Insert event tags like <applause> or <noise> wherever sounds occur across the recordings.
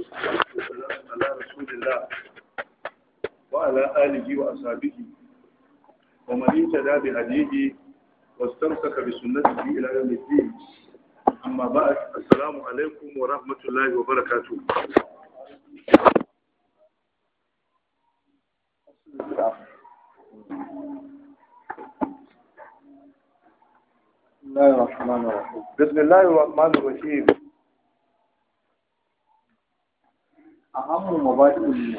والصلاة والسلام على رسول الله وعلى آله وأصحابه ومن اهتدى بهديه واستمسك بسنته إلى يوم الدين أما بعد السلام عليكم ورحمة الله وبركاته بسم الله الرحمن الرحيم بسم الله الرحمن الرحيم ahammu mabadi'ul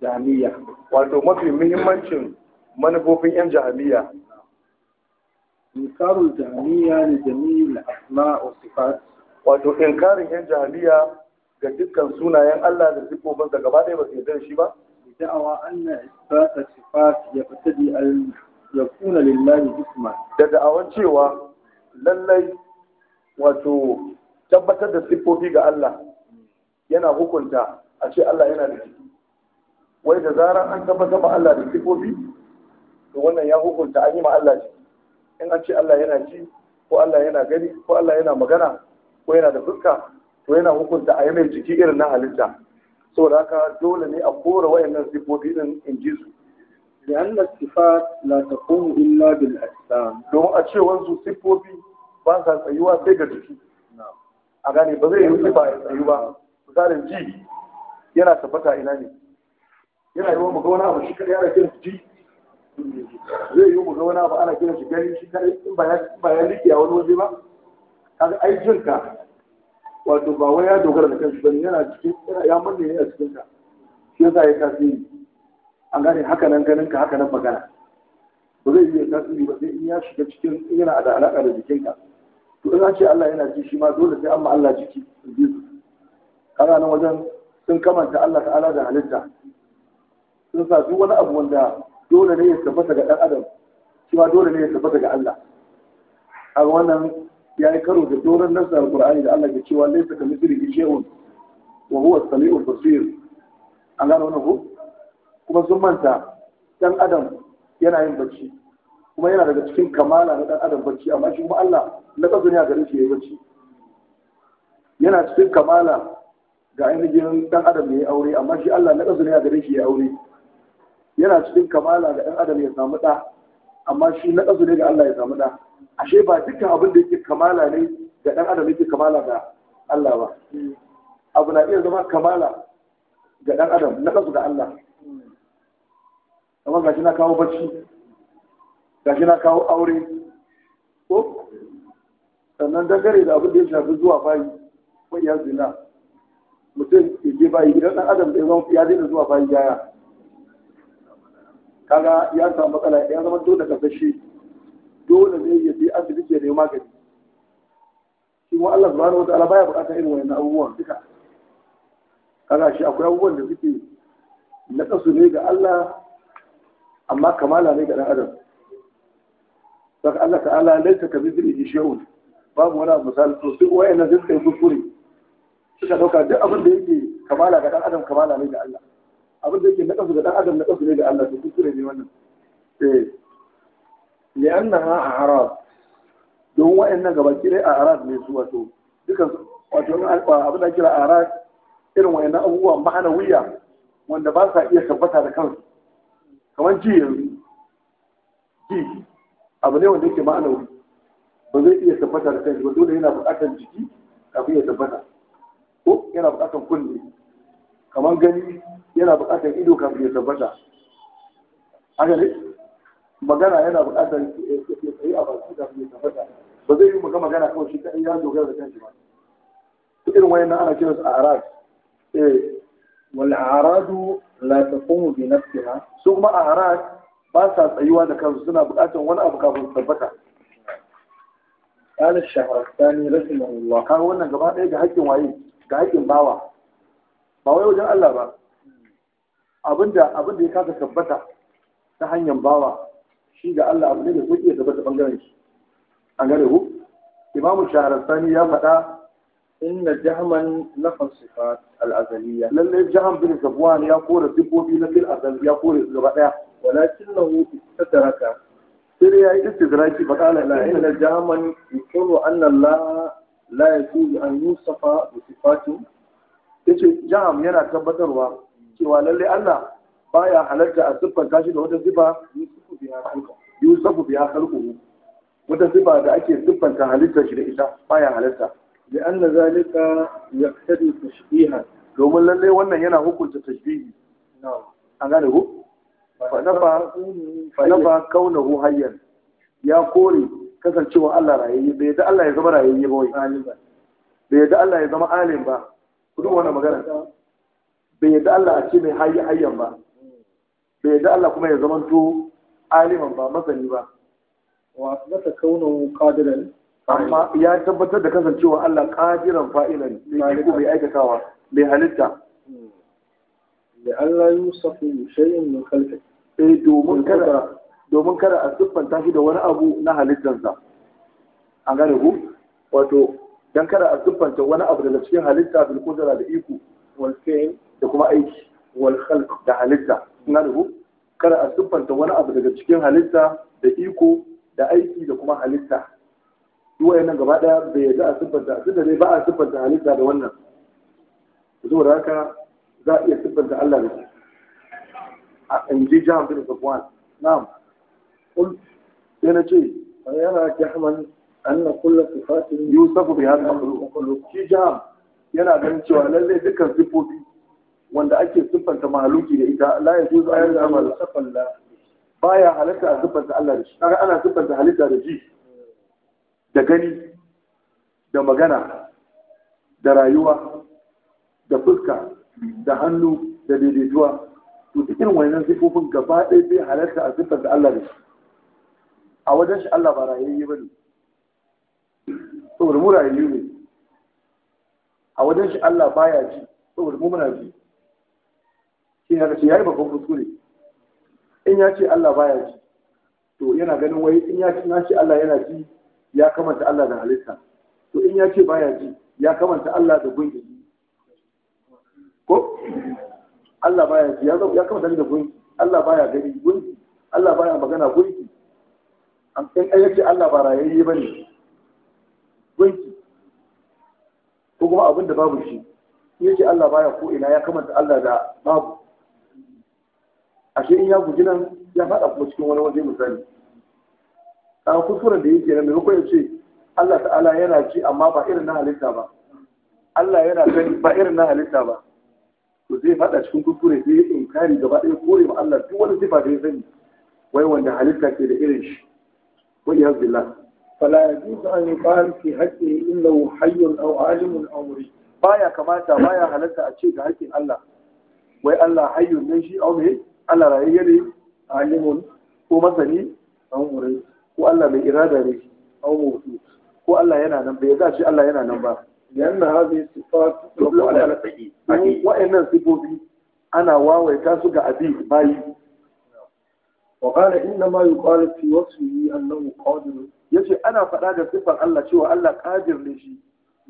jami'a wato mafi muhimmancin manufofin yan jami'a inkarul jami'a da jami'il asma wa sifat wato inkarin yan jami'a ga dukkan sunayen Allah da sifofinsa gaba ɗaya ba su yarda shi ba da'awa anna isbata sifat ya fatadi al yakuna lillahi isma da da'awan cewa lallai wato tabbatar da sifofi ga Allah yana hukunta a ce Allah yana da shi. wai da zarar an tabbatar ma Allah da sifofi to wannan ya hukunta an yi ma Allah jiki in an ce Allah yana ji ko Allah yana gani ko Allah yana magana ko yana da fuska to yana hukunta a yi mai jiki irin na halitta saboda haka dole ne a kora wayannan sifofi din in ji su taqumu illa bil ahsan إلا a ce wanzu sifofi ba sa tsayuwa sai ga jiki a gane ba zai yi sifa ya tsayu ba misalin ji yana tabbata ina ne yana yi wa mu ga wani abu shi kare yana kiran ji zai yi mu ga wani abu ana kiran shi gani shi kare in ba ya liƙe a wani waje ba kaga ai jin ka wato ba wai ya dogara da kansu bane yana cikin ya manne ne a cikin ka shi yasa ya tasiri an gane haka nan ganin ka haka nan magana ba zai iya tasiri ba sai in ya shiga cikin yana da alaƙa da jikinka to in an ce Allah yana ji shi ma dole sai amma Allah jiki in ji su ana nan wajen sun kamanta Allah ta'ala da halitta sun sa duk wani abu wanda dole ne ya tabbata ga ɗan adam shi ma dole ne ya tabbata ga Allah a wannan ya yi karo da doron nasa alkur'ani da Allah ke cewa laisa ka misiri shehun wa huwa sami'ul basir an gano wannan ko kuma sun manta ɗan adam yana yin bacci kuma yana daga cikin kamala na ɗan adam bacci amma shi kuma Allah na ƙasa ne a gare shi ya yi bacci yana cikin kamala ga ainihin dan adam ne ya aure amma shi Allah na kasu ne a gare shi ya aure yana cikin kamala ga dan adam ya samu ɗa amma shi na kasu ne ga Allah ya samu ɗa ashe ba dukkan abin da yake kamala ne ga dan adam yake kamala ga Allah ba abu na iya zama kamala ga dan adam na kasu ga Allah amma shi na kawo bacci shi na kawo aure ko sannan dangare da abin da ya shafi zuwa bayi ko zina. mutum ya je bayi idan ɗan adam da zama ya daina zuwa bayi jaya kaga ya samu matsala ya zama dole ka fashi dole ne ya je asibiti ya nemi magani shi kuma Allah subhanahu wataala baya buƙatar irin wannan abubuwan duka kaga shi akwai abubuwan da suke na kasu ne ga Allah amma kamala ne ga ɗan adam saka Allah ta'ala laita ka bi shi shay'un babu wani misali to sai wayannan zai kai kuskure suka dauka duk abin da yake kamala ga dan adam kamala ne ga Allah abin da yake na kasu ga dan adam na kasu ne ga Allah to kuskure ne wannan eh li'annaha a'rad don wa'annan gaba kire a'rad ne su wato dukan wato abin da kira a'rad irin wa'annan abubuwa ma'anawiya wanda ba sa iya tabbata da kansu kamar ji yanzu ji abu ne wanda yake ma'anawi ba zai iya tabbata da kansu ba dole yana buƙatar jiki kafin ya tabbata ko yana buƙatar kunne kamar gani yana buƙatar ido kafin ya tabbata haka ne magana yana buƙatar ya tsayi a baki kafin ya tabbata ba zai yi muka magana kawai shi kaɗai ya dogara da kanshi ba irin wayannan ana su a arad eh wal aradu la taqumu bi nafsiha su kuma a arad ba sa tsayuwa da kansu suna buƙatar wani abu kafin su tabbata قال الشهر الثاني رحمه الله كان wannan gaba ɗaya ga haƙƙin waye ga haƙƙin bawa ba wai wajen Allah ba abinda abinda ya kasa tabbata ta hanyar bawa shi ga Allah abu ne da iya tabbata bangaren shi an gare ku imamu sani ya faɗa inna jahman lafan sifat al'azaliya lalle jaham bin safwan ya kore sifofi na fil azal ya kore su gaba daya walakinnahu istadraka sai ya yi istidraki fa qala la inna jahman yaqulu anna Allah la yajuzu an yusafa bi sifatin ce jam yana tabbatarwa cewa lalle Allah Ba ya halarta a siffanta shi da wata sifa yusufu biya khalquhu wata sifa da ake siffanta halittar shi da ita ba ya halarta da لأن ذلك يقتضي تشبيها domin lalle wannan yana hukunta tashbihi an gane ku fa nafa kaunahu hayyan ya kore kasancewa Allah rayayye bai da Allah ya zama rayayye ba wai bai yadda Allah ya zama alim ba ku duk wannan magana bai yadda Allah a ce mai hayyi hayyan ba bai yadda Allah kuma ya zama to aliman ba masani ba wa asbata kaunahu qadiran amma ya tabbatar da kasancewa Allah qadiran fa'ilan ne ko bai aikatawa bai halitta da hmm. Allah yusafu shay'in min khalqi eh domin kada domin kada a siffanta shi da wani abu na halittarsa an gane ku wato don kada a siffanta wani abu daga cikin halitta bil kudura da iko wal fi'l da kuma aiki wal khalq da halitta an gane ku kada a siffanta wani abu daga cikin halitta da iko da aiki da kuma halitta duk nan gaba daya bai yadda a siffanta duk da dai ba a siffanta halitta da wannan da haka za a iya siffanta Allah da shi a inji jihar bin Safwan na'am قلت أنا فيرى جهما أن كل صفات يوصف بها المخلوق جهم yana ganin cewa lallai dukkan siffofi wanda ake siffanta mahaluki da ita la ya juzu ayar da Ba ya halatta a siffanta Allah da shi kaga ana siffanta halitta da ji da gani da magana da rayuwa da fuska da hannu da daidaituwa to cikin wannan sifofin gaba ɗaya zai halarta a siffanta Allah da shi a wajen shi Allah ba rayayye ba ne saboda mu rayayyu ne a wajen shi Allah baya ji saboda mu muna ji shi ya ce yi babban ne in ya ce Allah baya ji to yana ganin wai in ya ce Allah yana ji ya kamanta Allah da halitta to in ya ce baya ji ya kamanta Allah da gungi ko Allah baya ji ya kamanta da gungi Allah baya gani gungi Allah ya magana gungi in ɗaya ce Allah ba rayayye ba ne gunki ko kuma abin da babu shi ya ce Allah baya ko ina ya kamata Allah da babu ashe in ya guji nan ya faɗa kuma cikin wani waje misali a kuskuren da yake nan maimakon ya ce Allah ta'ala yana ci amma ba irin na halitta ba Allah yana gani ba irin na halitta ba to zai faɗa cikin kuskure sai ya inkari gaba ɗaya kore ma Allah duk wani sifa da ya sani wai wanda halitta ke da irin shi والعياذ بالله فلا يجوز ان يقال في حقه انه حي او عالم او مريد baya kamata baya halatta a ce ga haƙƙin Allah wai Allah hayyu ne shi aw ne Allah rayi alimun ko masani aw ko Allah mai irada ne aw mutu ko Allah yana nan bai da shi Allah yana nan ba yanna hazi sifat ko Allah sai wa'annan sifofi ana wawaita su ga abi bayi وقال إنما يقال في وصفه أنه قادر يجي أنا فلا صفة الله شو الله قادر لشي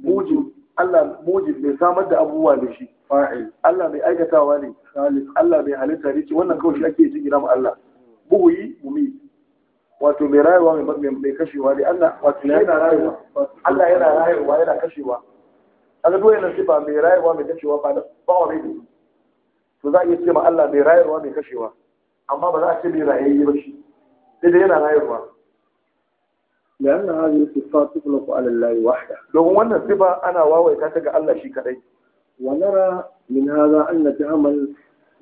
موجب الله موجب لسامد أبوه لشي fa'il Allah mai aikatawa ne salif Allah mai halitta ne ce wannan kawai shi ake jin ma Allah buhuyi mumi wato mai rayuwa mai kashewa ne Allah yana rayuwa Allah yana rayuwa yana kashewa kaga dole nan sai ba rayuwa mai kashewa ba to za a iya ce ma Allah rayuwa kashewa amma ba za a ce mai rayayye ba shi sai dai yana rayuwa لأن هذه الصفات تطلق على الله وحده لو أن الصفة أنا واوي كاتك shi kadai. كذي ونرى من هذا أن جهم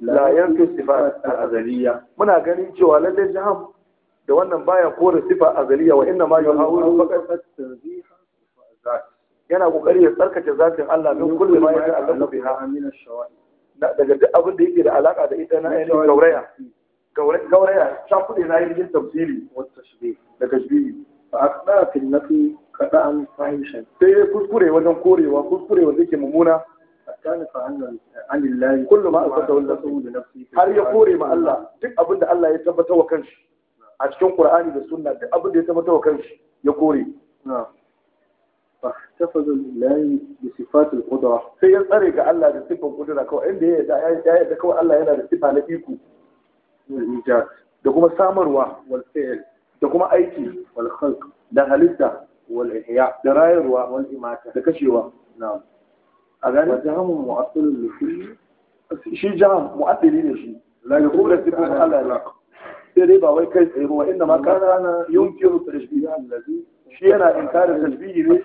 لا ينفي الصفات الأزلية من أغني جوا لدي جهم لو أن بايا كور صفة أزلية وإنما يحاول فقط تنزيح الذات yana kokari ya tsarkake zatin Allah don kullum ma ya ta'allaka biha min daga duk abin da yake da alaka da ita na ainihin gauraya shafuɗe na yin yin tafsiri da tashbihi fa asna fil nafi kada an fahishan sai kuskure wajen korewa kuskure wanda yake mummuna kullum ma asata wallahu bi nafsi har ya kore ma Allah duk abinda Allah ya tabbata wa kanshi a cikin Qur'ani da Sunna duk abinda ya tabbata wa kanshi ya kore فاحتفظ لله بصفات القدرة. سيطرق الله بصفة القدرة كو عندي يا يا كو الله هنا بصفة لفيكو. da kuma samarwa wal fi'l da kuma aiki wal da halitta wal da rayarwa wal da kashewa na'am a gani jahamu mu'assilun li kulli shi jaham mu'assili ne shi la da sirru ala la sai dai ba wai kai tsaye ba inda ma kana yunkiru tashbih allazi shi yana in inkarin tashbih ne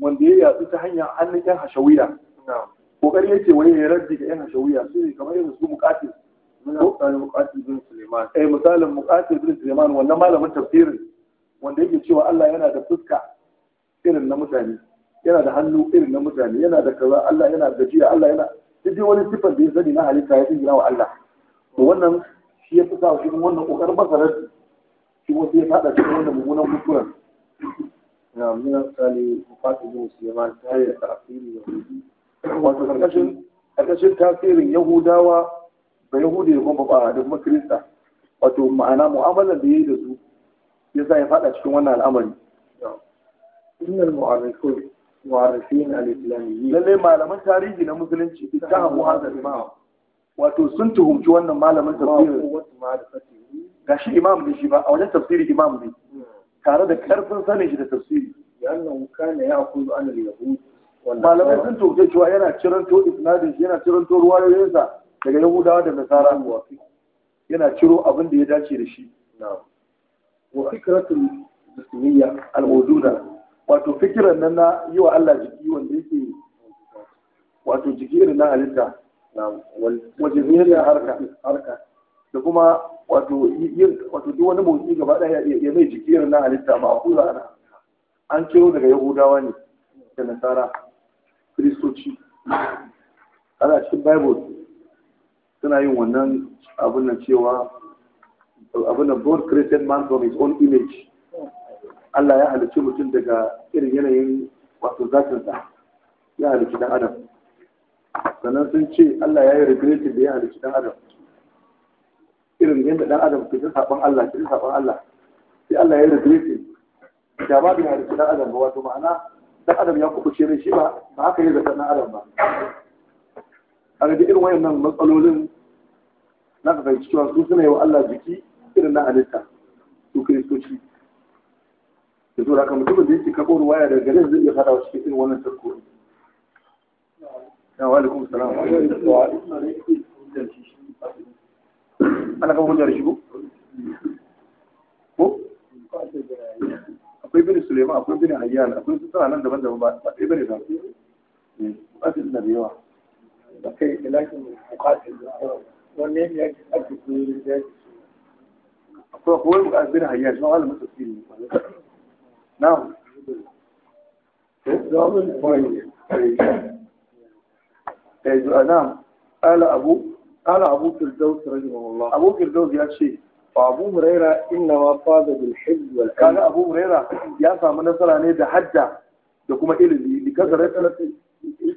wanda ya yatsu ta hanyar annakin hashawiya kokari yake wai ya raddi ga yan hashawiya su ne kamar yanzu su mukatil eh misalin mukatil bin suleiman wannan malamin tafsirin wanda yake cewa Allah yana da fuska irin na mutane yana da hannu irin na mutane yana da kaza Allah yana da jiya Allah yana duk wani sifar da ya sani na halitta ya tsira wa Allah to wannan shi ya fi sa shi wannan kokar masarar shi shi ya fada cikin wannan mugunan mutuwar na muna tsali mukatil bin suleiman ta yi da tafsiri yahudi wato karkashin karkashin tafsirin yahudawa ba yahudi ya kuma ba da kuma wato ma'ana mu'amalar da ya yi da su ya sa ya fada cikin wannan al'amari innal mu'arrifun mu'arrifin al-islamiyyin malaman tarihi na musulunci ta hamu hazal imam wato sun tuhumci wannan malamin tafsirin gashi imam ne shi ba a wajen tafsiri imam ne hmm. tare da karfin sanin shi da tafsiri yannan ne ya kullu an al malamai sun tuhumce cewa yana ciranto isnadin shi yana ciranto ruwayoyinsa daga yahudawa da nasara yana ciro abin da ya dace da shi wa fikratul karatun musulmiya wujuda wato fikiran nan na yi wa Allah jiki wanda yake wato jiki irin na halitta waje zuriyar harka harka da kuma wato wato duk wani motsi gaba daya ya mai jiki irin na halitta ma ku ana an ciro daga yahudawa ne da nasara kristoci ana cikin bible suna yin wannan abin nan cewa abin da God created man from his own image Allah ya halicci mutum daga irin yanayin wato zatinsa ya halicci dan adam sannan sun ce Allah ya yi regretin da ya halicci dan adam irin yadda dan adam ke ta saban Allah ke ta saban Allah sai Allah ya yi regretin da ba bai halicci dan adam ba wato ma'ana dan adam ya kubuce shi ba ba haka yi zata dan adam ba a ga irin wayannan matsalolin Na ka fahimci cewa su suna yi wa Allah jiki irin na halitta su kiristoci da zuwa kan mutumin da yake karɓo waya daga gare zai iya fada wa cikin irin wannan tarko na wa alaikum salam ana kan hujjar shi ko ko akwai bin suleiman akwai bin hayyan akwai su tsara nan daban-daban ba ba ɗaya bane ba eh, ba su da yawa kai ilakin mukatil da نعم قال أبو قال أبو كردوس رحمه الله أبو كردوس يا شيء فأبو مريرة إنما فاز بالحج والعمرة قال أبو مريرة يا فهم نصر عنه بحجة يقوم إلي بكثرة ثلاثة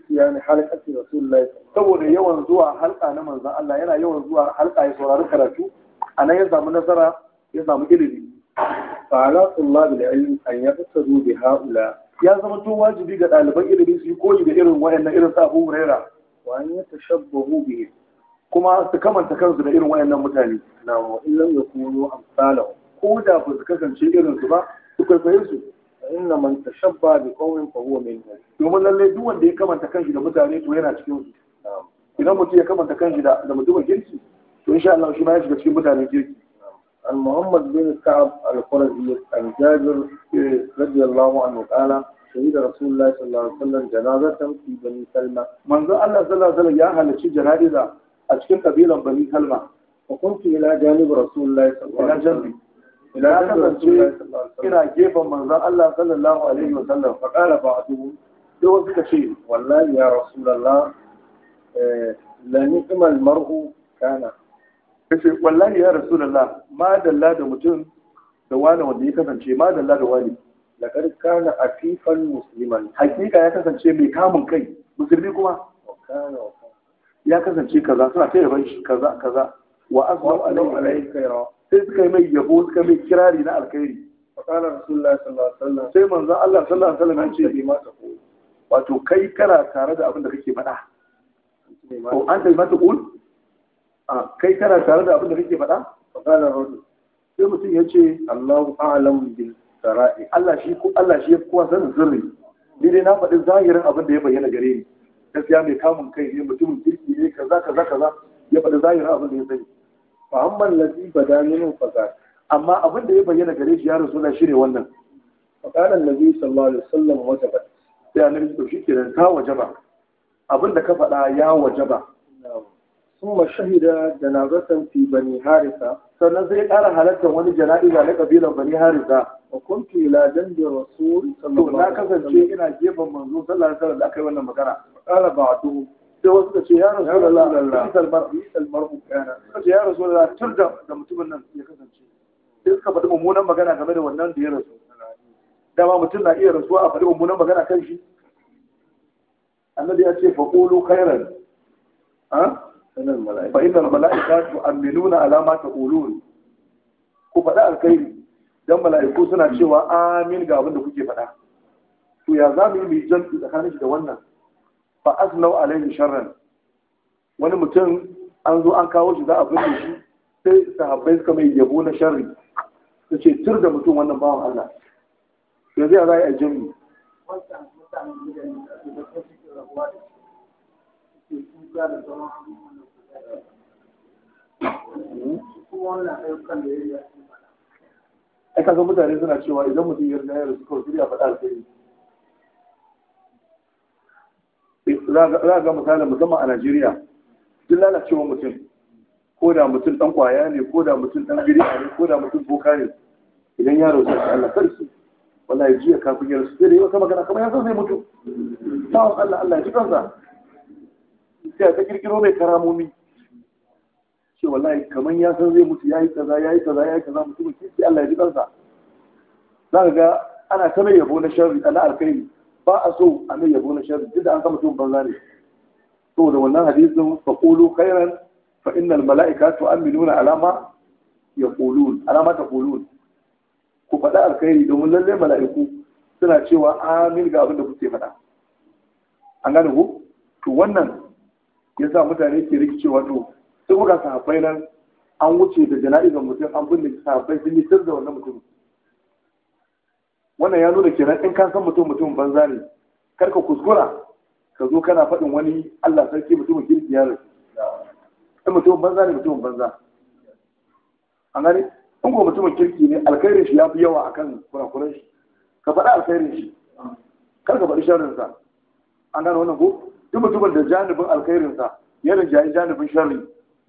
yani halakati rasulullahi saboda yawan zuwa halka na manzon Allah yana yawan zuwa halka ya saurari karatu a nan ya samu nasara ya samu ilimi fa ala tullabi da ilm an yaqtadu bi haula ya zama to wajibi ga ɗaliban ilimi su yi koyi da irin wayannan irin sa Abu Huraira wa an tashabbahu bi kuma su kamanta kansu da irin wayannan mutane na wa illam yakunu amsalahu ko da ba su kasance irin su ba su kwaikwaye su inna man tashabba bi qaumin fa huwa minhum domin lalle duk wanda ya kamanta kanshi da mutane to yana cikin su idan mutum ya kamanta kanshi da da mutumin kirki to insha Allah shi ma ya shiga cikin mutane kirki an Muhammad bin Ka'ab al-Qurazi an Jabir eh, radiyallahu anhu qala شهد رسول الله صلى الله عليه وسلم جنازة في بني سلمة من ذا الله صلى الله عليه وسلم يا أهل شي جنازة أشكل قبيلة بني سلمة Ya kasance ina gefen manzon Allah sallallahu alaihi wa sallam fa qala ba'du sai wasu ka ce wallahi ya rasulullah eh, la ni'mal mar'u kana kace wallahi ya rasulullah ma dalla da mutum da wani wanda ya kasance ma dalla da wani laqad kana afifan musliman hakika ya kasance mai kamun kai musulmi kuma ya kasance kaza suna ta yaban shi kaza kaza wa azlam alayhi khayra sai suka yi mai yabo suka mai kirari na alkhairi faqala rasulullah sallallahu alaihi wasallam sai manzo Allah sallallahu alaihi wasallam ya ce bi ma ko wato kai kana tare da abin da kake faɗa ko an ta ma oh, ta ko a kai kana tare da abin da kake faɗa faqala rasul sai mutum ya ce Allahu a'lamu bil sara'i Allah shi ko Allah shi ya kuwa sanin sirri ni dai na faɗi zahirin abin da ya bayyana gare ni gaskiya mai kamun kai ne mutumin kirki ne kaza kaza kaza ya faɗi zahirin abin da ya sani Muhammad lafi ba da nuna faga amma abin da ya bayyana gare shi ya rasu na shirya wannan faƙaɗan lafi sallallahu alaihi wasallam wata ba sai a nemi ɗauki kiran ta waje ba abin da ka faɗa ya waje ba sun ma shahida da na zartan fi bani harisa sannan zai ƙara halartar wani jana'iza na ƙabilar bani harisa wa kuntu ila dandi rasul sallallahu alaihi wasallam to na kasance ina gefen manzo sallallahu alaihi wasallam da aka yi wannan magana ƙara ba sai wasu ka ce ya rasulullah salmar mar'u kana suka ce ya rasulullah tur da da mutumin nan ya kasance sai suka faɗi mummunan magana game da wannan da ya rasu dama mutum na iya rasuwa a faɗi mummunan magana kan shi annabi ya ce faqulu khairan ha fa inna al-mala'ika tu'minuna ala ma taqulun ku faɗa alkhairi dan mala'iku suna cewa amin ga abin da kuke faɗa to ya za mu yi mu jami'i tsakanin shi da wannan fa azlau alaihi sharran wani mutum an zo an kawo shi za a binne shi sai sahabbai suka mai yabo na sharri su ce tur da mutum wannan bawan Allah yanzu ya zai a yi aljami ai kaga mutane suna cewa idan mutum yarda ya rasu kawai sai ya faɗa sai za ga misali musamman a Najeriya duk lalacewa mutum ko da mutum dan kwaya ne ko da mutum dan bid'a ne ko da mutum boka ne idan yaro sai Allah sarki wallahi jiya kafin yaro sai dai wata magana kamar ya san zai mutu tawon Allah Allah ya ji kansa sai ta kirkiro mai karamomi ce wallahi kamar ya san zai mutu yayi kaza yayi kaza yayi kaza mutum sai Allah ya ji kansa za ka ga ana ta mai yabo na sharri Allah alkhairi ba a so a mai yabo na sharri duk da an kama tun banza ne da wannan hadisin fa qulu khairan fa innal mala'ika tu'minuna alama yaqulun alama ta taqulun ku faɗa alkhairi domin lalle mala'iku suna cewa amin ga abin da kuke faɗa an gane ku to wannan ya sa mutane ke rikicewa to sai kuka sahabbai nan an wuce da jana'izar mutum an binne sahabbai sun yi da wannan mutumin wannan ya nuna kenan in ka san mutum mutum banza ne kar ka kuskura ka zo kana faɗin wani Allah sarki mutumin kirki ya rasu in mutumin banza ne mutumin banza an gani in ko mutumin kirki ne alkhairin shi ya fi yawa akan kurakuran shi ka faɗa alkhairin shi kar ka faɗi sharrinsa an gani wannan ko duk mutumin da janibin alkhairinsa ya rinjaye janibin sharri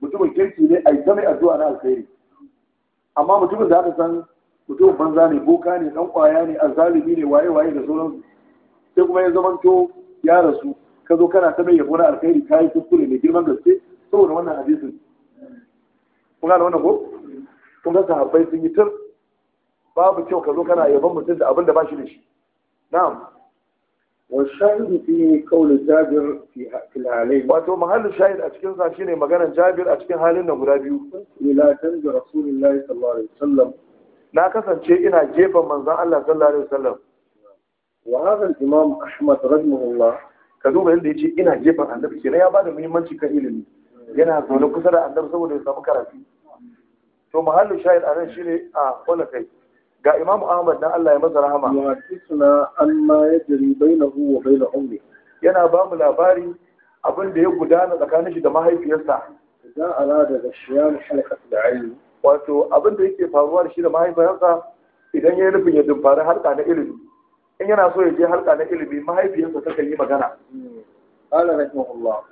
mutumin kirki ne a yi ta mai addu'a na alkhairi amma mutumin da aka san mutum banza ne boka ne dan kwaya ne azalimi ne waye waye da su. sai kuma ya to ya rasu ka zo kana ta bayyana wani alkhairi kayi kuskure mai girman gaske saboda wannan hadisin kuma da wannan ko kun ga sahabbai sun yi tur babu kyau ka zo kana yaban mutum da abin da ba shi da shi na'am wa shahidu fi qawli jabir fi halayn wato mahallu shahid a cikin sa shine maganar jabir a cikin halin nan guda biyu ila tanzu rasulullahi sallallahu alaihi wasallam na kasance ina jefan manzan Allah sallallahu alaihi wasallam wa hada al-imam Ahmad rahimahullah ka duba yadda yace ina jefan annabi kenan ya bada muhimmanci kan ilimi yana zaune kusa da annabi saboda ya samu karatu to mahallu shahid anan shine a wala kai ga imam ahmad dan Allah ya masa rahama wa tisna amma yajri bainahu wa bain ummi yana ba mu labari abin da ya gudana tsakanin shi da mahaifiyarsa da ala da gashiyan halqat da ilm wato abin da yake faruwa da shi da mahaifiyarsa idan ya yi nufin ya dumfari harka na ilimi in yana so ya je harka na ilimi mahaifiyarsa ta yi magana na rahimahullah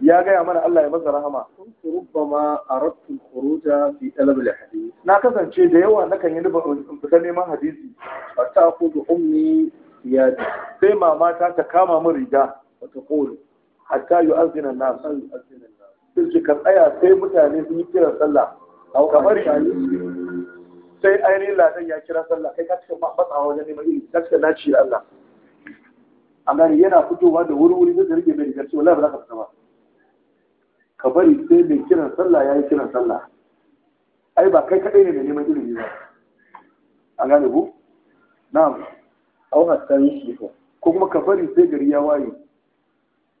ya gaya mana Allah ya masa rahama kuntu rubbama a al kuruta fi talab hadisi. na kasance da yawa nakan yi nufin in fita neman hadisi ta ku ta'khudhu ummi ji. sai mama ta ta kama min riga wa ta qulu hatta yu'azzina an nan. sai kan tsaya sai mutane sun yi kiran sallah kamar sai ainihin ladan ya kira sallah kai ka cika matsawa wajen neman ilimi ka cika naci da Allah A gani yana fitowa da wuri wuri zai rike mai rigar cewa ba za ka fita ba ka bari sai mai kiran sallah ya yi kiran sallah ai ba kai kaɗai ne mai neman ilimi ba A gane ku na'am au hatta yi ko kuma ka bari sai gari ya waye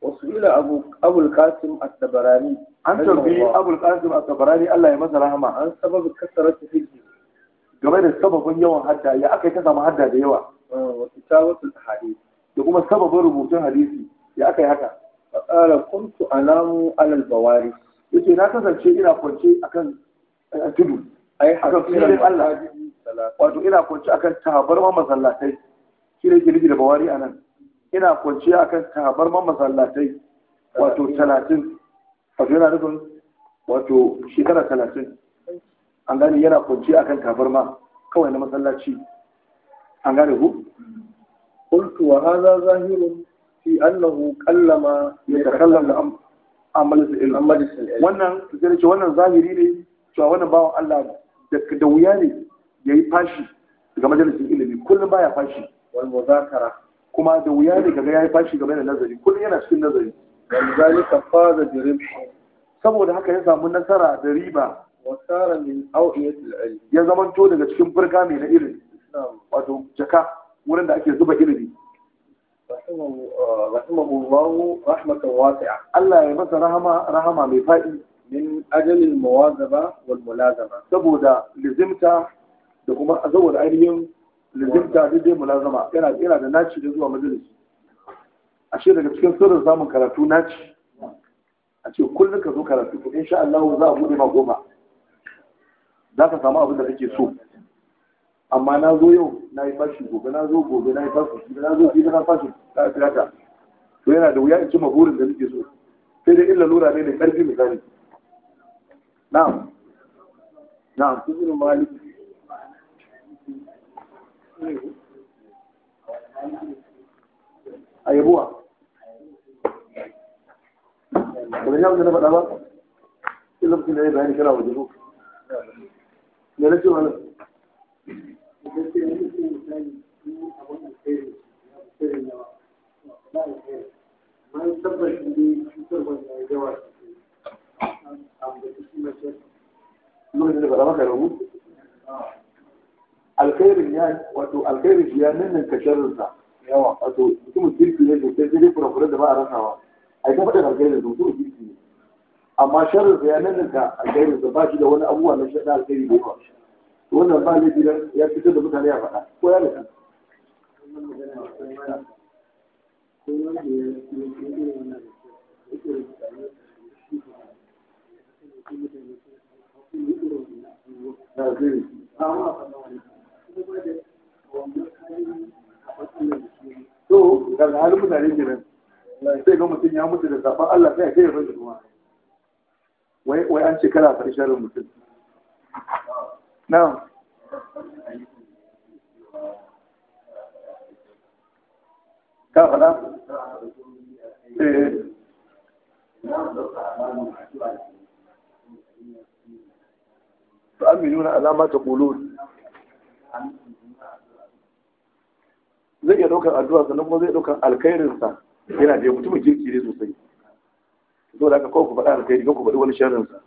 وسئل أبو أبو القاسم الطبراني أنت في أبو القاسم الطبراني الله يمسى رحمه عن سبب كثرة حجه game da sababin yawan hadda ya aka yi ta samu da yawa uh, wasu hadisi da kuma sababin rubutun hadisi ya aka yi haka faqala kuntu anamu alal bawari yace na kasance ina kwance akan tudu ai haka filin Allah wato ina kwance akan tabarma masallatai shi ne girgi da bawari anan ina kwanciya kan tabarman masallatai wato talatin wato yana nufin wato shekara talatin an gane yana kwanciya kan tabarma kawai na masallaci an gane ku qultu wa haza zahirin fi annahu qallama da amalisa ilu wannan da ce wannan zahiri ne cewa wannan bawan Allah da wuya ne ya yi fashi daga majalisar ilimi kullum baya fashi wani mazakara kuma da wuya ne kaga yayi bashi game da nazari kullum yana cikin nazari dan zalika faza bi saboda haka ya samu nasara da riba wa sara min awiyatil ya zamanto daga cikin furka mai na ilimi wato jaka wurin da ake zuba ilimi rahimahullahu uh, rahmatan wasi'a Allah ya masa rahama rahama mai fadi min ajalil muwazaba wal mulazama saboda lizimta da kuma azawar da dai mulazama yana yana da naci da zuwa majalisi ashe daga cikin sirrin samun karatu naci a ce kullum ka zo karatu to insha Allah za a bude ma goma za ka samu abin da kake so amma na zo yau na yi fashi gobe na zo gobe na yi fashi gobe na zo gobe na fashi ta tirata to yana da wuya in cimma burin da nake so sai dai illa lura ne da karfi misali na'am na'am ibn maliki a yabuwa wani ya na faɗa ba da ya bayani kira wajen da na ce wani alkhairin ya wato alkhairin ya nan ka sharrinsa yawa wato mutumin kirki ne sosai sai dai kurakurai da ba a rasawa ai ta faɗin alkhairin da mutumin kirki ne amma sharrinsa ya nan ka alkhairin da ba shi da wani abubuwa na shaɗa alkhairi da yawa to wannan ba laifi ya fitar da mutane ya faɗa ko ya rasu Thank you. to daga halin mutane ke nan sai ga mutum ya mutu da safa Allah sai ya kai ya kuma wai an ce kana faɗi sharin mutum na ka faɗa eh فأمنون alama ta تقولون zai iya ɗaukar addu'a sannan kuma zai ɗaukar alkhairinsa yana da mutumin kirki ne sosai zo da aka kawo ku faɗa alkhairi ku faɗi wani sharrinsa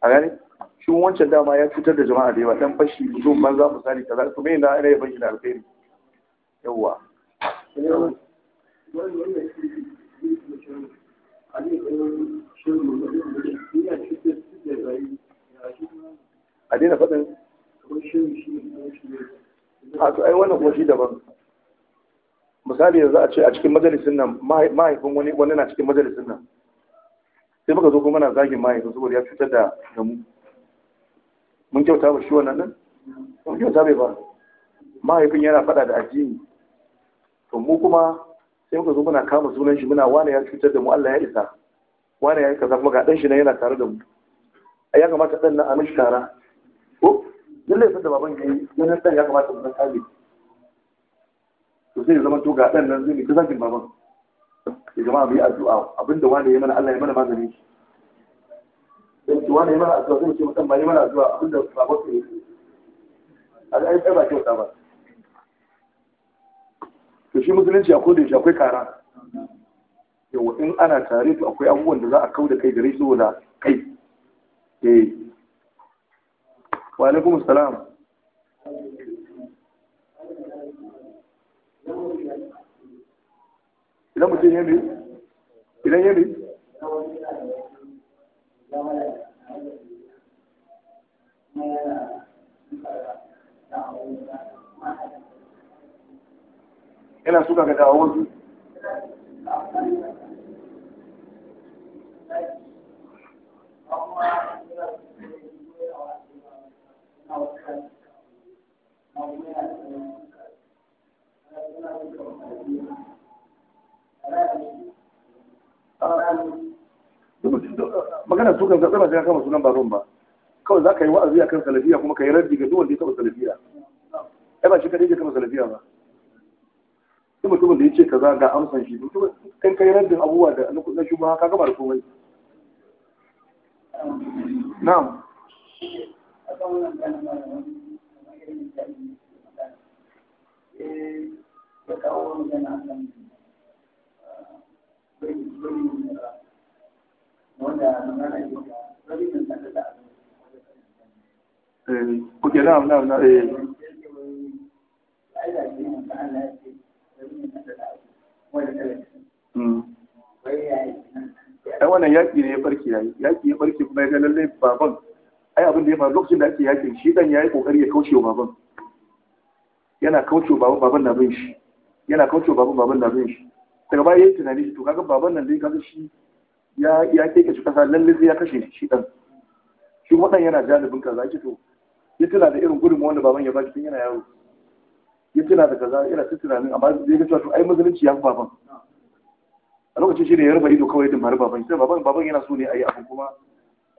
a gane shi wancan dama ya cutar da jama'a da yawa dan fashi zo banza misali kaza to me na ina ya da alkhairi yawa a daina faɗin a to ai wannan kuma shi daban misali yanzu a ce a cikin majalisin nan mahaifin wani wani na cikin majalisin nan sai muka zo kuma na zagin mahaifin saboda ya cutar da mu mun kyauta ba shi wannan nan mun kyauta bai ba mahaifin yana faɗa da addini to mu kuma sai muka zo muna kama sunan shi muna wane ya cutar da mu Allah ya isa wane ya yi kaza kuma ga ɗan shi nan yana tare da mu a ya kamata ɗan nan a mishi tara duk laifin da baban ya yi ganin ɗan ya kamata mu san kare to sai ya zama to ga ɗan nan zai ne kusakin baban ya zama abu yi addu'a abinda wani ya mana Allah ya mana magani dan ci wani ya mana addu'a zai ce mutum ba ya mana addu'a abinda baban ya yi a ga ai ba kyauta ba to shi musulunci a koda yaushe akwai kara yawa in ana tare to akwai abubuwan da za a kau da kai gare su da kai eh wa alaikum salam idan mutum ya bi yana suka ga so ka tsara ka kama sunan ba kawai za ka yi wa'azi kan salafiya kuma ka yi raddi ga duk ya taɓa salafiya ai ba shi kaɗai ya taɓa salafiya ba duk mutumin da ya ce kaza ga amsan shi mutumin kan kai raddin abubuwa da na shubha ka gama da komai na'am eh, ya kawo a kan eh, kuke eh, na amna na eh hmm. ai wannan yaƙi ne ya farke yayi yaƙi ya farki kuma ya ga lallai baban ai abin da ya faru lokacin da ake yaƙin shi ya yi ƙoƙari ya kauce wa baban yana kauce wa baban baban na bin shi yana kauce wa baban baban na bin shi daga baya yi tunani to kaga baban nan dai kaga shi ya ke ke shi kasa lalle zai ya kashe shi dan shi kuma yana jalibin kaza ki to ya tuna da irin gudunmu wanda baban ya ba shi yana yaro ya tuna da kaza yana ta tunanin amma zai ga cewa to ai musulunci ya fi baban a lokacin shi ne ya raba ido kawai din mari baban sai baban baban yana so ne a yi abin kuma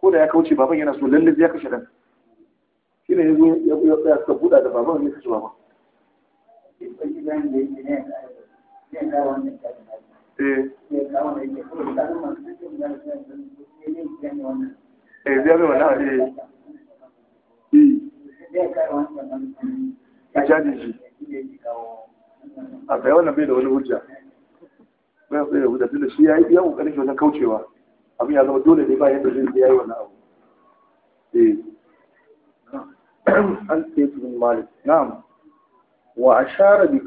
ko da ya kauce baban yana so lalle zai ya kashe dan shi ne ya zo ya tsaya suka buɗa da baban ya kashe baban eh zai mai wannan hadiri ya jaji shi a kai wannan bai da wani hujja bai ya yi yan ƙarshe wajen kaucewa abin ya zama dole ne ba yadda zai yi abu an wa ashara bi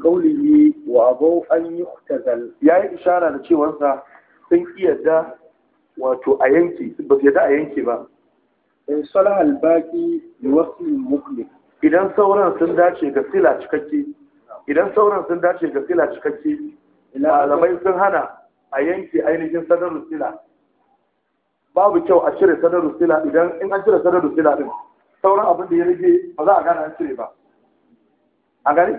wa abau an yi tazal ya yi ishara da cewarsa sun yadda wato a yanki ba su yadda a yanki ba in salaha albaki da wasu mukli idan sauran sun dace ga sila cikakke idan sauran sun dace ga sila cikakke malamai sun hana a yanke ainihin sadarun sila babu kyau a cire sadarun sila idan in an cire sadarun sila din sauran abin da ya rage ba za a gane an cire ba a gani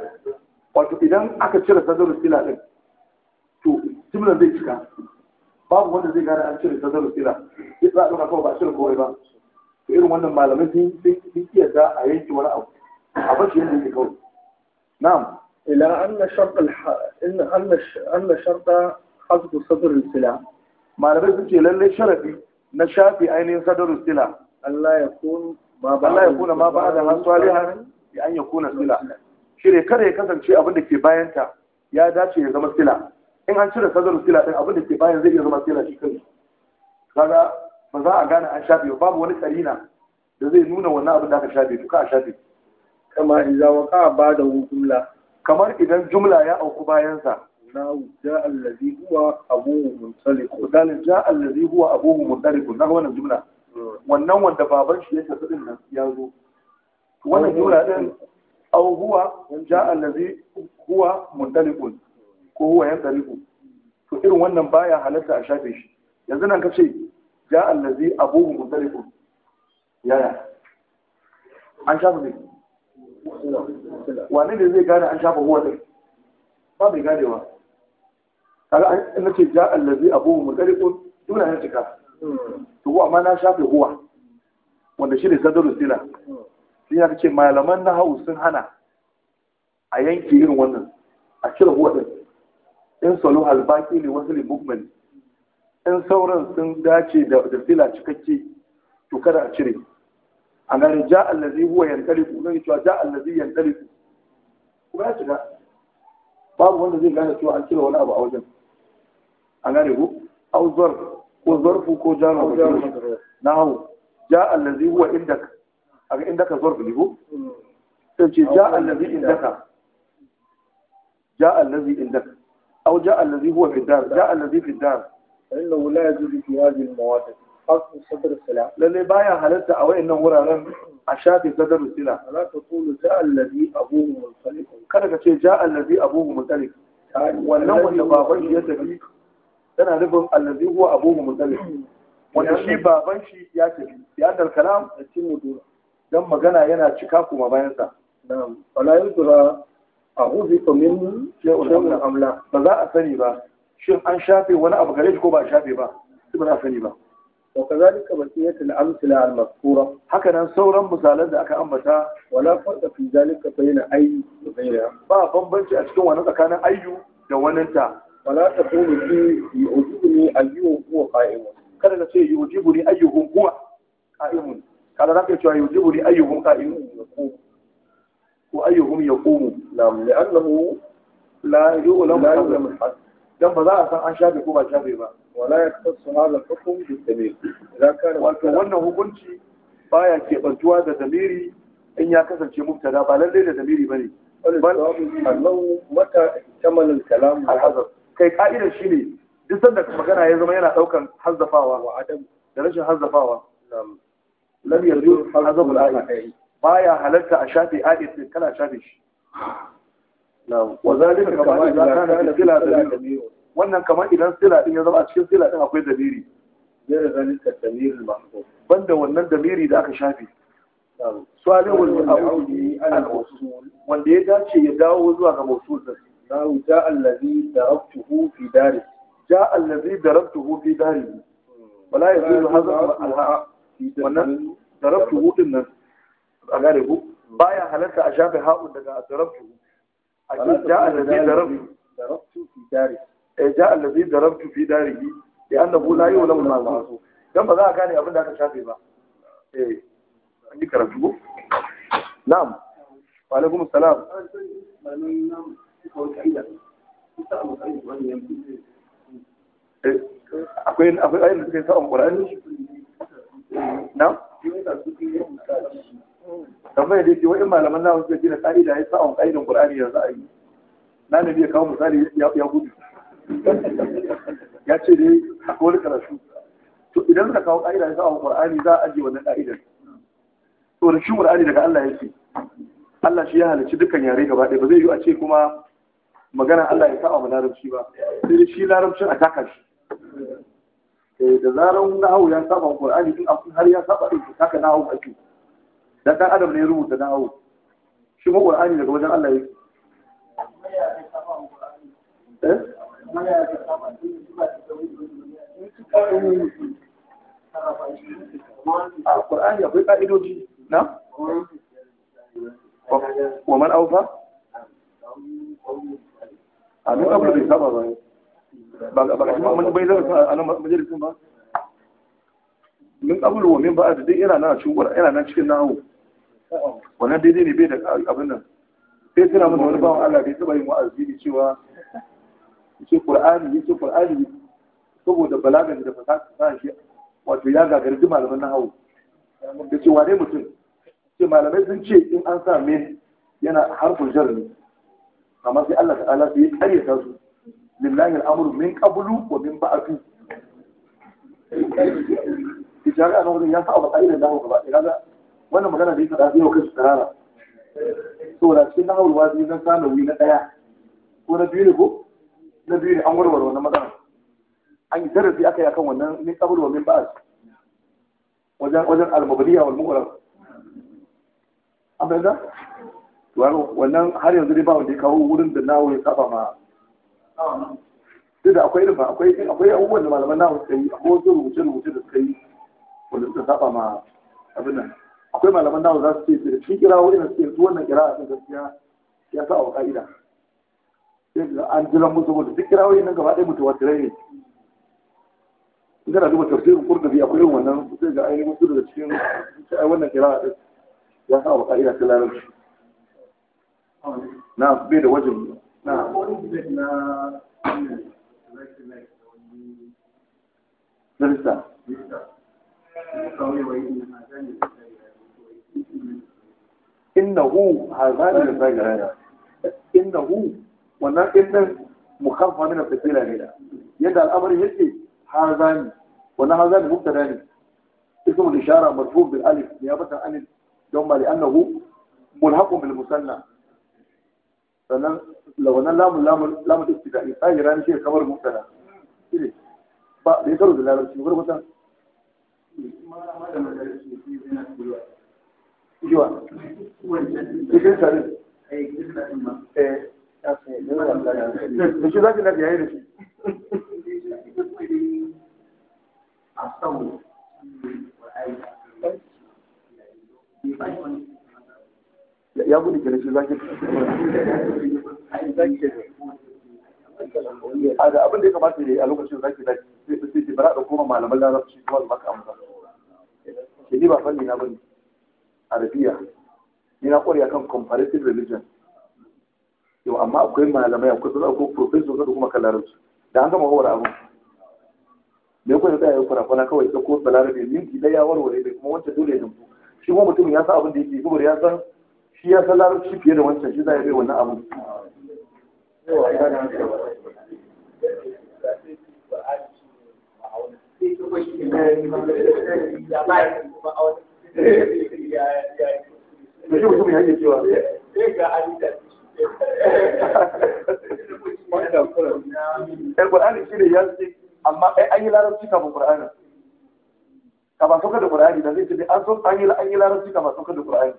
wato idan aka cire tazarar sila din to jimlar zai cika babu wanda zai gane an cire tazarar sila sai za a ɗauka kawai ba a cire kowai ba to irin wannan malamai sun sun iya za a yanke wani abu a bashi yadda yake kawai na'am ila anna sharta in anna sharta hasbu sadarar sila malamai sun ce lalle sharafi na shafi ainihin sadarar sila Allah ya kun ma ba Allah ya kuna ma ba da hasalihan ya an yakuna sila shi ne kada ya kasance abin da ke bayanta ya dace ya zama sila in an cire sazar sila din abin da ke bayan zai iya zama sila shi kai kaga ba za a gane an shafe babu wani karina da zai nuna wannan abin da aka shafe to a shafe kama ka ba ba'da jumla kamar idan jumla ya auku bayan sa na'u ja allazi huwa abuhu muntaliq dal ja allazi huwa abuhu muntaliq na wannan jumla hmm. wannan wanda baban shi ya tafi din nan ya zo wannan jumla din aw huwa ja'a allazi huwa muntaliqun ko huwa yantaliqu to irin wannan baya halatta a shafe shi yanzu nan ka ce ja'a allazi abuhu muntaliqun yaya an shafa ne wane ne zai gane an shafa huwa ba mai ganewa kaga an nace ja'a allazi abuhu muntaliqun dole ne cika hmm. to amma na shafe huwa wanda shi ne sadarus dila sai ya ce malaman na hau sun hana a yanke irin wannan a cire huwadin in salo halbaki ne wasu libukman in sauran sun dace da sila cikakke to kada a cire a gani ja allazi huwa yantari ku ne cewa ja allazi ku kuma ya shiga babu wanda zai gane cewa an cire wani abu a wajen a gane ku auzar ko zarfu ko jama'a na hau ja allazi huwa indaka a ga inda ka zorfi ne hmm. ko sai ce ja allazi indaka ja allazi indaka "Au ja allazi huwa fi dar ja allazi fi dar innahu la yajuzu fi hadhihi al-mawadi qasd sadr lalle baya halatta a nan wuraren a shafi sadr sila. sala la taqulu ja allazi abuhu mutalik kada ka ce ja allazi abuhu mutalik wannan wanda baban shi ya tafi tana nufin allazi huwa abuhu mutalik hmm. wanda shi baban shi ya tafi ya dal kalam timu dura don magana yana cika kuma bayansa. Wala yi tura a hufi kamin shi amla. Ba za a sani ba, shi an shafe wani abu gare ko ba a shafe ba, shi ba a sani ba. Wa ka zali ka basi ya tala amsila al maskura. Haka nan sauran misalan da aka ambata. Wala fadda fi zali ka bai na ayyu. Ba bambanci a cikin wani tsakanin ayyu da wani ta. Wala ta fi wuce yi ojibu ne ayyu ko ka'imun. Kada na ce yi ojibu ne ayyu ko kada za ka cewa yujibu li ayyuhum qa'im ko ayyuhum yaqumu nam li'annahu la yu'lamu hadd al-hadd dan ba za a san an shafe ko ba shafe ba wala yaktasu hadha al-hukm bi dalil idan kana wato wannan hukunci baya ke da damiri in ya kasance mubtada ba lalle da damiri bane bal annahu mata ihtamala al-kalam al-hazaf kai ka'idar shine duk sanda magana ya zama yana daukan hazzafawa wa da rashin lam yanzu azabul a'id baya halatta a shafi a'id din kana shafe shi wa zalika kama idan kana sila da wannan kamar idan sila din ya zama a cikin sila din akwai dabiri غير ذلك الدمير المحفوظ بند wannan damiri da aka shafe salihul audi al usul wanda ya dace ya dawo zuwa ga mausul da sau ja allazi darabtuhu fi dari ja allazi darabtuhu fi dari wala yazidu hadha al wannan Zarabtu hudun nan a gane ku baya halarta a shafe haɗun daga hu a ce ja allazi zarabtu fi dari eh ja allazi darabtu fi darihi ya eh, annahu la yulamu lamun ma'azu dan ba za a gane abin da aka shafe ba eh an yi karatu ku? na'am wa alaikum assalam eh, akwai akwai ayyukan da suke sa'an qur'ani na'am tambayar da yake wa'in malaman na wasu gina ƙa'ida ya sa'on ƙa'idan ƙur'ani za a yi na nabi ya kawo misali ya gudu ya ce dai akwai wani karatu to idan suka kawo ƙa'ida ya sa'on ƙur'ani za a ajiye wannan ƙa'idan. to da shi ƙur'ani daga Allah ya ce Allah shi ya halarci dukkan yare gaba ɗaya ba zai yi a ce kuma magana Allah ya sa wa larabci ba sai da shi larabcin a taka shi Eh, da zaran hau ya saba qur'ani din abin har ya saba din haka nahawu ake da dan adam ne rubuta nahawu shi ma qur'ani daga wajen Allah yake eh a qur'ani akwai ƙa'idoji na wa man aufa a abu da saba ba ne. ba ga shi mun bai zama a nan majalisin ba min kabulu wa min ba da yana nan cikin qur'ani yana nan cikin nahu wannan daidai ne bai da abin nan sai suna mun wani bawan Allah bai taba yin wa'azi ne cewa yace qur'ani yace qur'ani saboda balagan da fasaha ta shi wato ya gagari malaman nahu yace wane mutum ce malamai sun ce in an sa min yana harfin jar ne amma sai Allah ta'ala sai ya karyata su لله الأمر من قبل ومن بعد إجابة أنا أقول ينفع وبقائل الله وبقائل هذا وأنا مغانا ليس هذه وكذا كرارة سورة سنة والوازن من سنة وينة أيا وأنا بيولي بو أنا بيولي أمور ورونا مغانا أي درس في أكي أكوان من قبل ومن بعد وجن وجن المبنية والمغرب أبدا وأنا هاري أدري باوندي كهو ورن دناوي سابا ما duk da akwai rufa akwai akwai abubuwan da malaman nawa suka yi akwai wasu rubuce rubuce da suka yi wanda suka saba ma abin nan akwai malaman nawa za su ce da shi kirawo ina suke su wannan kira a gaskiya ya sa wa ka'ida sai da an jira musu wanda duk kirawo nan gaba ɗaya mutuwa tirai ne in kana duba tafsirin kurdubi akwai yin wannan sai ga ainihin wasu daga cikin ai wannan kira din ya sa wa ka'ida ta larabci na bai da wajen na wani debate na Darista. Innahu hazani da zagara Innahu wannan innan mukamfa mina fitila ne yadda al'amari yake hazani wannan hazani mubtada ne ismul ishara marfu bil alif niyabatan anil don ma annahu mulhaqun bil musanna sannan lawanan lamun lamun in sai ran shi kamar mutana shine ba da karo da larabci gurbin ta yiwa cikin tare eh. da shi zaki lafiya yayi da shi a samu ya gudu kira shi zaki a da abin da ya kamata ya yi a lokacin zaki zaki sai ce bara da koma malaman larabci kuma da maka amsa ke ni ba fanni na bane arabiya ni na kware akan comparative religion yau amma akwai malamai akwai suna akwai professor da kuma kan larabci da an gama hawara abu Me ya kwanta ya kwara kwana kawai ta ko balarabe minti da ya warware da kuma wancan dole ya dumbu shi kuma mutum ya san abin da yake saboda ya san shi ya san larabci fiye da wancan shi za ya bai wannan abu eh, Al-Qur'ani shi ne ya ce, amma an yi larabci kafin Qur'ani. Kama sauka da Qur'ani da zai ce an yi larabci kama sauka da Qur'ani.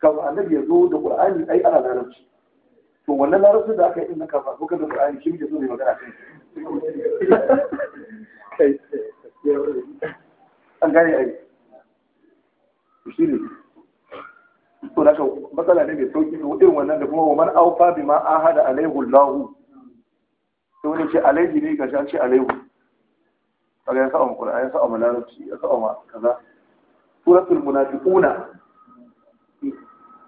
kafin annabi ya zo da qur'ani ai ana larabci to wannan larabcin da aka yi din kafin ko da ƙur'ani shi muke so ne magana kai an gane ai shi ne to da matsala ne mai sauƙi ko irin wannan da kuma wa man aufa bima ahada alaihu lahu sai ne ce alaihi ne ga an ce alaihu kaga ya sa'a mu qur'ani ya sa'a mu larabci ya sa'a mu kaza suratul munafiquna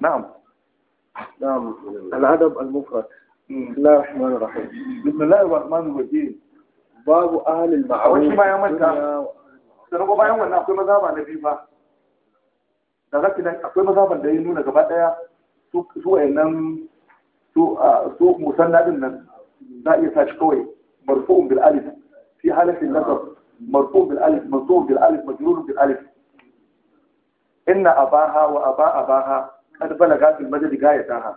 نعم نعم العدب المفرد بسم الله الرحمن الرحيم بسم الله الرحمن الرحيم باب أهل المعروف وش ما يوم الكلام سنقو ما يوم الكلام أقول مذهب نبي ما دغتي لك أقول مذهب عن دين قبات يا سوء إنم سوء آه، سوء مسنى إنم لا مرفوع بالألف في حالة النصب مرفوع بالألف منصوب بالألف مجرور بالألف إن أباها وأبا أباها kad balaga fil majid gayataha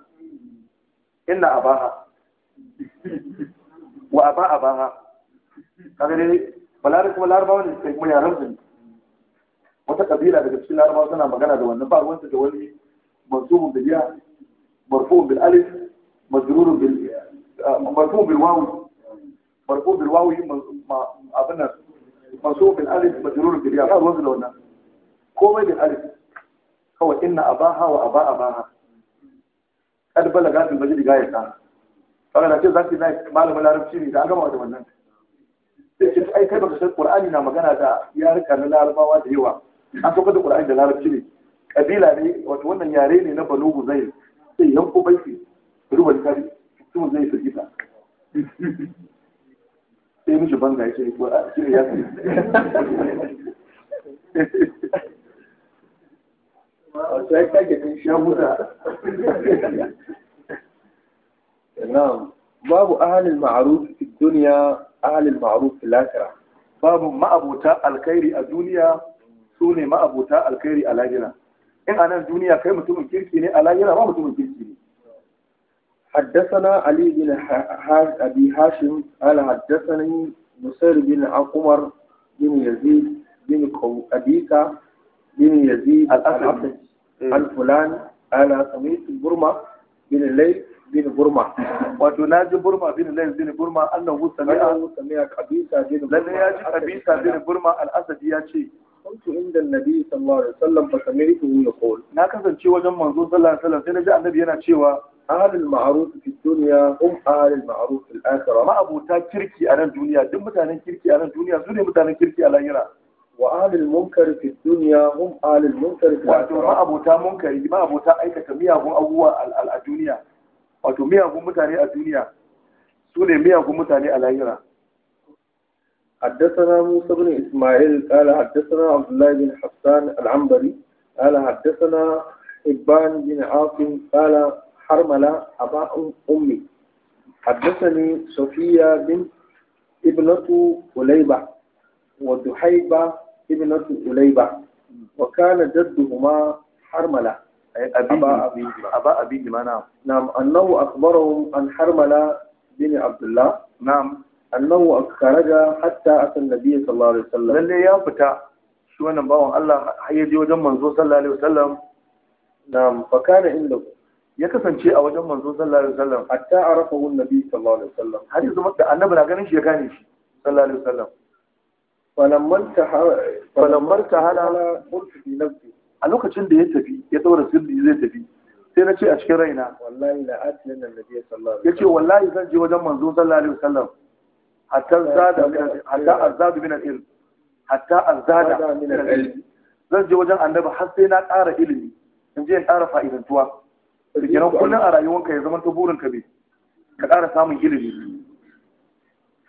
inna abaha wa aba abaha kaga dai balare kuma larabawa ne kuma yaran su wata kabila daga cikin larabawa tana magana da wannan ba ruwanta da wani mansubun bil ya bil alif majrurun bil marfu'un bil wawu marfu'un bil wawu abin nan mansubun bil alif ya bil kawai a abaha wa aba abaha kad balaga fil ya gayata kaga da ce zaki na malamin larabci ne da an gama da wannan sai ce ai kai baka san qur'ani na magana da yaruka na larabawa da yawa an saukar da qur'ani da larabci ne kabila ne wato wannan yare ne na banu zai sai yanko baiti wani kari su zai gita sai mishi banga ya ce qur'ani ya ce na'am babu ahalin ma'aruf duniya ahalin ma'aruf fi babu ma'abota alkhairi a duniya su ma'abota alkhairi a lahira in a nan duniya kai mutumin kirki ne a mutumin kirki ne حدثنا علي بن أبي هاشم قال حدثني نصير بن عمر بن يزيد بن أبيكة بن يزيد الأسد عن فلان سميت برمة بن الليل بن برمة وتناجي برمة بن الليل بن برمة أنه سمع أنه سمع قبيسة بن برمة لأنه يأتي قبيسة بن برمة الأسد يأتي كنت عند النبي صلى الله عليه وسلم فسمعته يقول na kasance wajen manzo sallallahu alaihi wasallam sai naji annabi yana cewa ahlul ma'ruf fi dunya hum ahlul ma'ruf fil akhirah kirki a duniya duk mutanen kirki a nan duniya su ne mutanen kirki a lahira wa alil munkari fi duniya hum alil munkari fi wato ma'abota munkari ma'abota aikata miyagun abubuwa a wato miyagun mutane a duniya su ne miyagun mutane a lahira حدثنا موسى بن إسماعيل قال حدثنا عبد الله بن حسان العنبري قال حدثنا حبان بن عاصم قال حرملة أبا أمي حدثني صفية بن ibnatu Ulayba wa kana jadduhuma Harmala أبا أبي جما نعم نعم أنه أخبرهم عن حرملة بن عبد Naam نعم أنه خرج حتى أتى النبي صلى الله عليه وسلم للي يا فتاة شو أنا باو الله حيجي وجم منزول صلى الله عليه وسلم نعم فكان ya kasance a wajen manzo sallallahu alaihi wasallam hatta arafahu annabi sallallahu alaihi wasallam har yanzu annabi na ganin shi ya gane shi sallallahu alaihi wasallam falamman ta hala a lokacin da ya tafi ya daura sirri zai tafi sai na ce a cikin raina wallahi la atina annabi sallallahu yace wallahi zan je wajen manzo sallallahu alaihi wasallam hatta zada min hatta azadu min al-ilm hatta azada min al-ilm zan je wajen annabi har sai na ƙara ilimi in je in ƙara fa'idantuwa rigiran kullum a rayuwanka ya zama ta burin ka bi. ka ƙara samun ilimi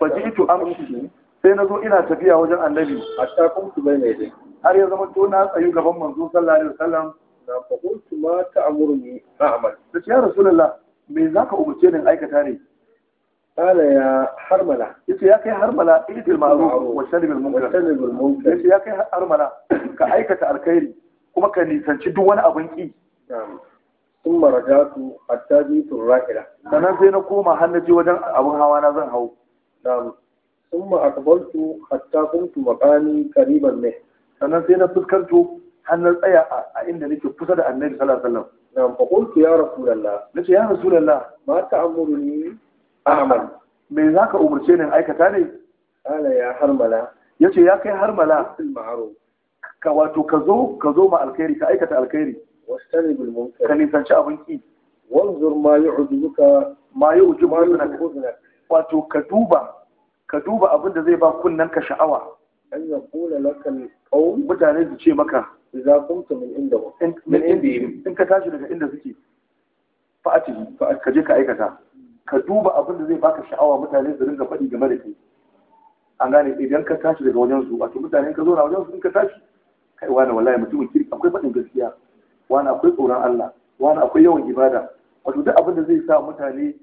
fajitu amshi sai na zo ina tafiya wajen annabi a shafin su bai mai har ya zama to na tsayu gaban manzo sallallahu alaihi wasallam na faɗo ma ta amurni ahmad da ya rasulullah me zaka umarce ni aikata ne قال يا wa يتي يا كي حرملة ايد المعروف واجتنب المنكر واجتنب المنكر يتي يا كي حرملة كأيكة الكيل كما كان نسانشي دوان أبنكي ثم رجعت حتى جئت الراحلة سنة زين كوما wajen abin hawa na zan hau. ثم أقبلت حتى قمت مقامي قريبا منه sannan sai na fuskanto hannun tsaya a inda nake kusa da annabi sallallahu alaihi wasallam nan fa qultu ya rasulullah nace ya rasulullah ma ta'muruni a'mal me zaka umurce ni aikata ne ala ya harmala yace ya kai harmala ka wato ka zo ka zo ma alkhairi ka aikata alkhairi wastani bil munkar ka nisanci abin ki wanzur ma yu'jibuka ma yu'jibuka wato ka duba ka duba abin da zai ba kunnen ka sha'awa an ya kula lakal qawm mutane su ce maka idza kuntum min inda min inda in ka tashi daga inda suke fa'ati ka je ka aikata ka duba abin da zai baka sha'awa mutane su ringa faɗi game da kai an gane idan ka tashi daga wajen su wato mutane ka zo na wajen su in ka tashi kai wani wallahi mutumin kirki akwai faɗin gaskiya wani akwai tsoron Allah wani akwai yawan ibada wato duk abin da zai sa mutane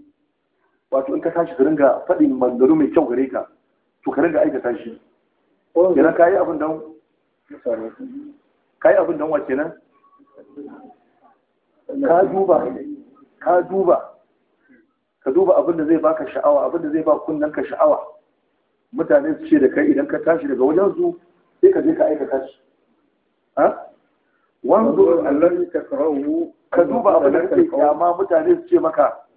wato in ka tashi ka ringa faɗin mangaru mai kyau gare ka to ka ringa aikata shi kenan ka yi abin don ka yi abin don wace nan ka duba ka duba ka duba abin da zai baka sha'awa abin da zai ba kunnen ka sha'awa mutane su ce da kai idan ka tashi daga wajen su sai ka je ka aikata shi wanzu allazi ka duba abin da kake kyama mutane su ce maka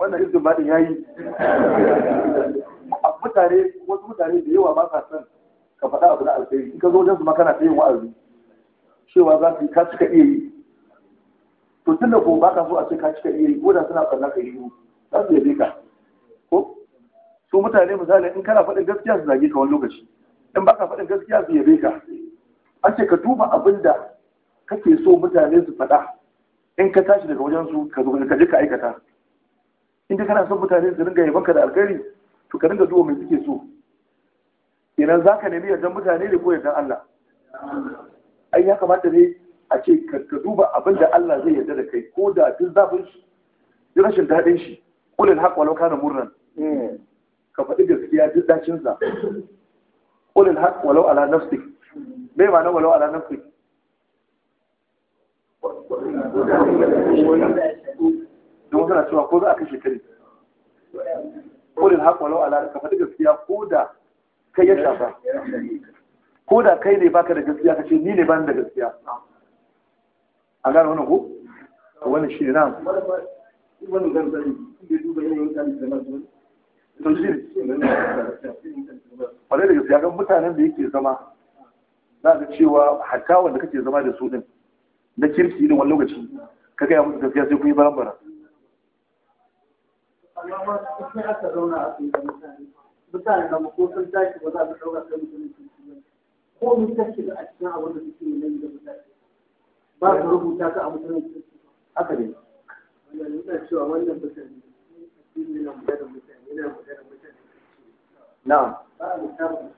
wannan hizbin baɗin ya yi mutane wasu mutane da yawa ba sa son ka faɗa abu na alkhairi in ka zo wajen su ma kana ta yin wa'azi cewa za su yi ka cika iya yi to tun da ko ba ka so a ce ka cika iya yi ko da suna ɓarna ka yi za su yabe ka ko su mutane misali in kana faɗin gaskiya su zage ka wani lokaci in ba ka faɗin gaskiya su yabe ka an ce ka duba abin da kake so mutane su faɗa in ka tashi daga wajen su ka zo ka je ka aikata in ka kana son mutane su ringa yabanka da alkhairi to ka ringa duwa mai suke so Idan za ka nemi yardan mutane ne ko yardan Allah ai ya kamata ne a ce ka duba abin da Allah zai yarda da kai ko da duk zafin shi duk rashin daɗin shi kullum haƙ walau kana murnan hmm. ka faɗi gaskiya duk dacin sa kullum haƙ walau ala nafsik me ma'ana walau ala nafsi <laughs> don wasu cewa ko za a kashe kare kodin haƙwa lau ala ka faɗi gaskiya ko da kai ya shafa ko da kai ne baka da gaskiya ka ni ne bani da gaskiya a gane wannan ko wannan shi ne na to shi ne kwarai da gaskiya kan mutanen da yake zama za ka cewa hatta wanda kake zama da su din na kirki din wani lokaci ka gaya musu gaskiya sai kun yi barambara amma sai aka zauna a kai da mutane ko sun tashi ba za su ɗauka kai mutum ko mun tashi shiga a cikin abin da suke yi da mutane ba su rubuta ka a mutum haka ne yana cewa wannan mutane yana magana mutane yana magana mutane Na. ba a littafin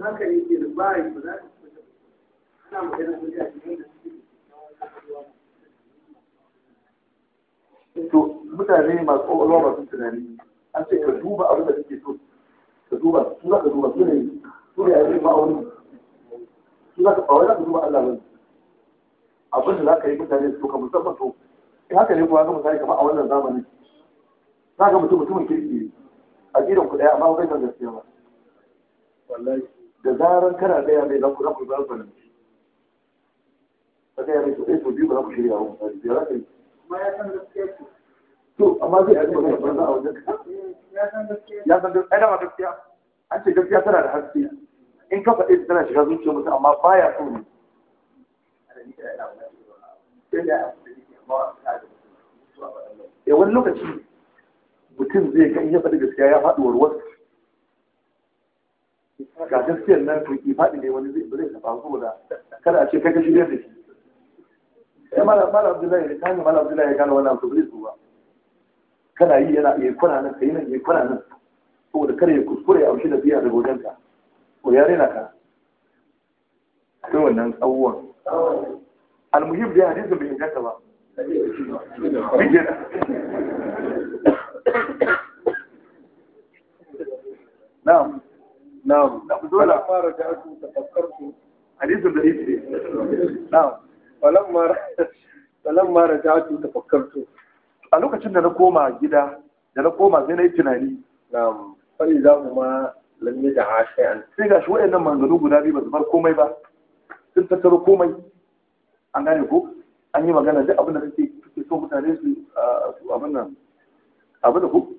haka da ba a ba za su ana magana mutane da suke da to mutane masu ƙwaƙwalwa masu tunani an ce ka duba abin da suke so ka duba su za ka duba su ne su ne a yi ma'auni su za ka ba wai za ka duba Allah ba abin da za ka yi mutane su ka musamman to in haka ne kuwa ga misali kamar a wannan zamanin za ka mutum mutumin kirki a gidan kuɗaya amma ba zan gaskiya ba da zaran kana gaya mai za ku za ku zalfa ne ka gaya mai to ɗaya eh, to biyu ba za ku shirya ba misali za ka yi to amma zai a an ce gaskiya tana da haske in ka tana shiga zuciyar mutum amma baya so ne ya eh, wani lokaci mutum zai ga iya faɗi gaskiya ya faɗi warwar ga gaskiyar nan ki faɗi ne wani zai zai taɓa saboda kada a ce kai ka shirya da shi ya eh, malam-malam abdullahi da kani mala abdullahi ya wannan abu bai ba kana yi yana ya kwana nan kai nan ya kwana nan saboda kare ya kuskure ya aushi da biya da wajen ka ko ya rena ka sai wannan tsawon almuhim dai hadisin bai inganta ba na'am na'am na fara da aka tafakkarku hadisin da yake na'am falan mara ta hatu ta su. a lokacin da na koma gida da na koma sai na yi tunani na fari za mu ma lalle da hashayan sai ga shi waɗannan manganu guda biyu ba su bar komai ba sun tattaro komai an gane ko an yi magana duk abin da kake kake so mutane su abin nan abin da ku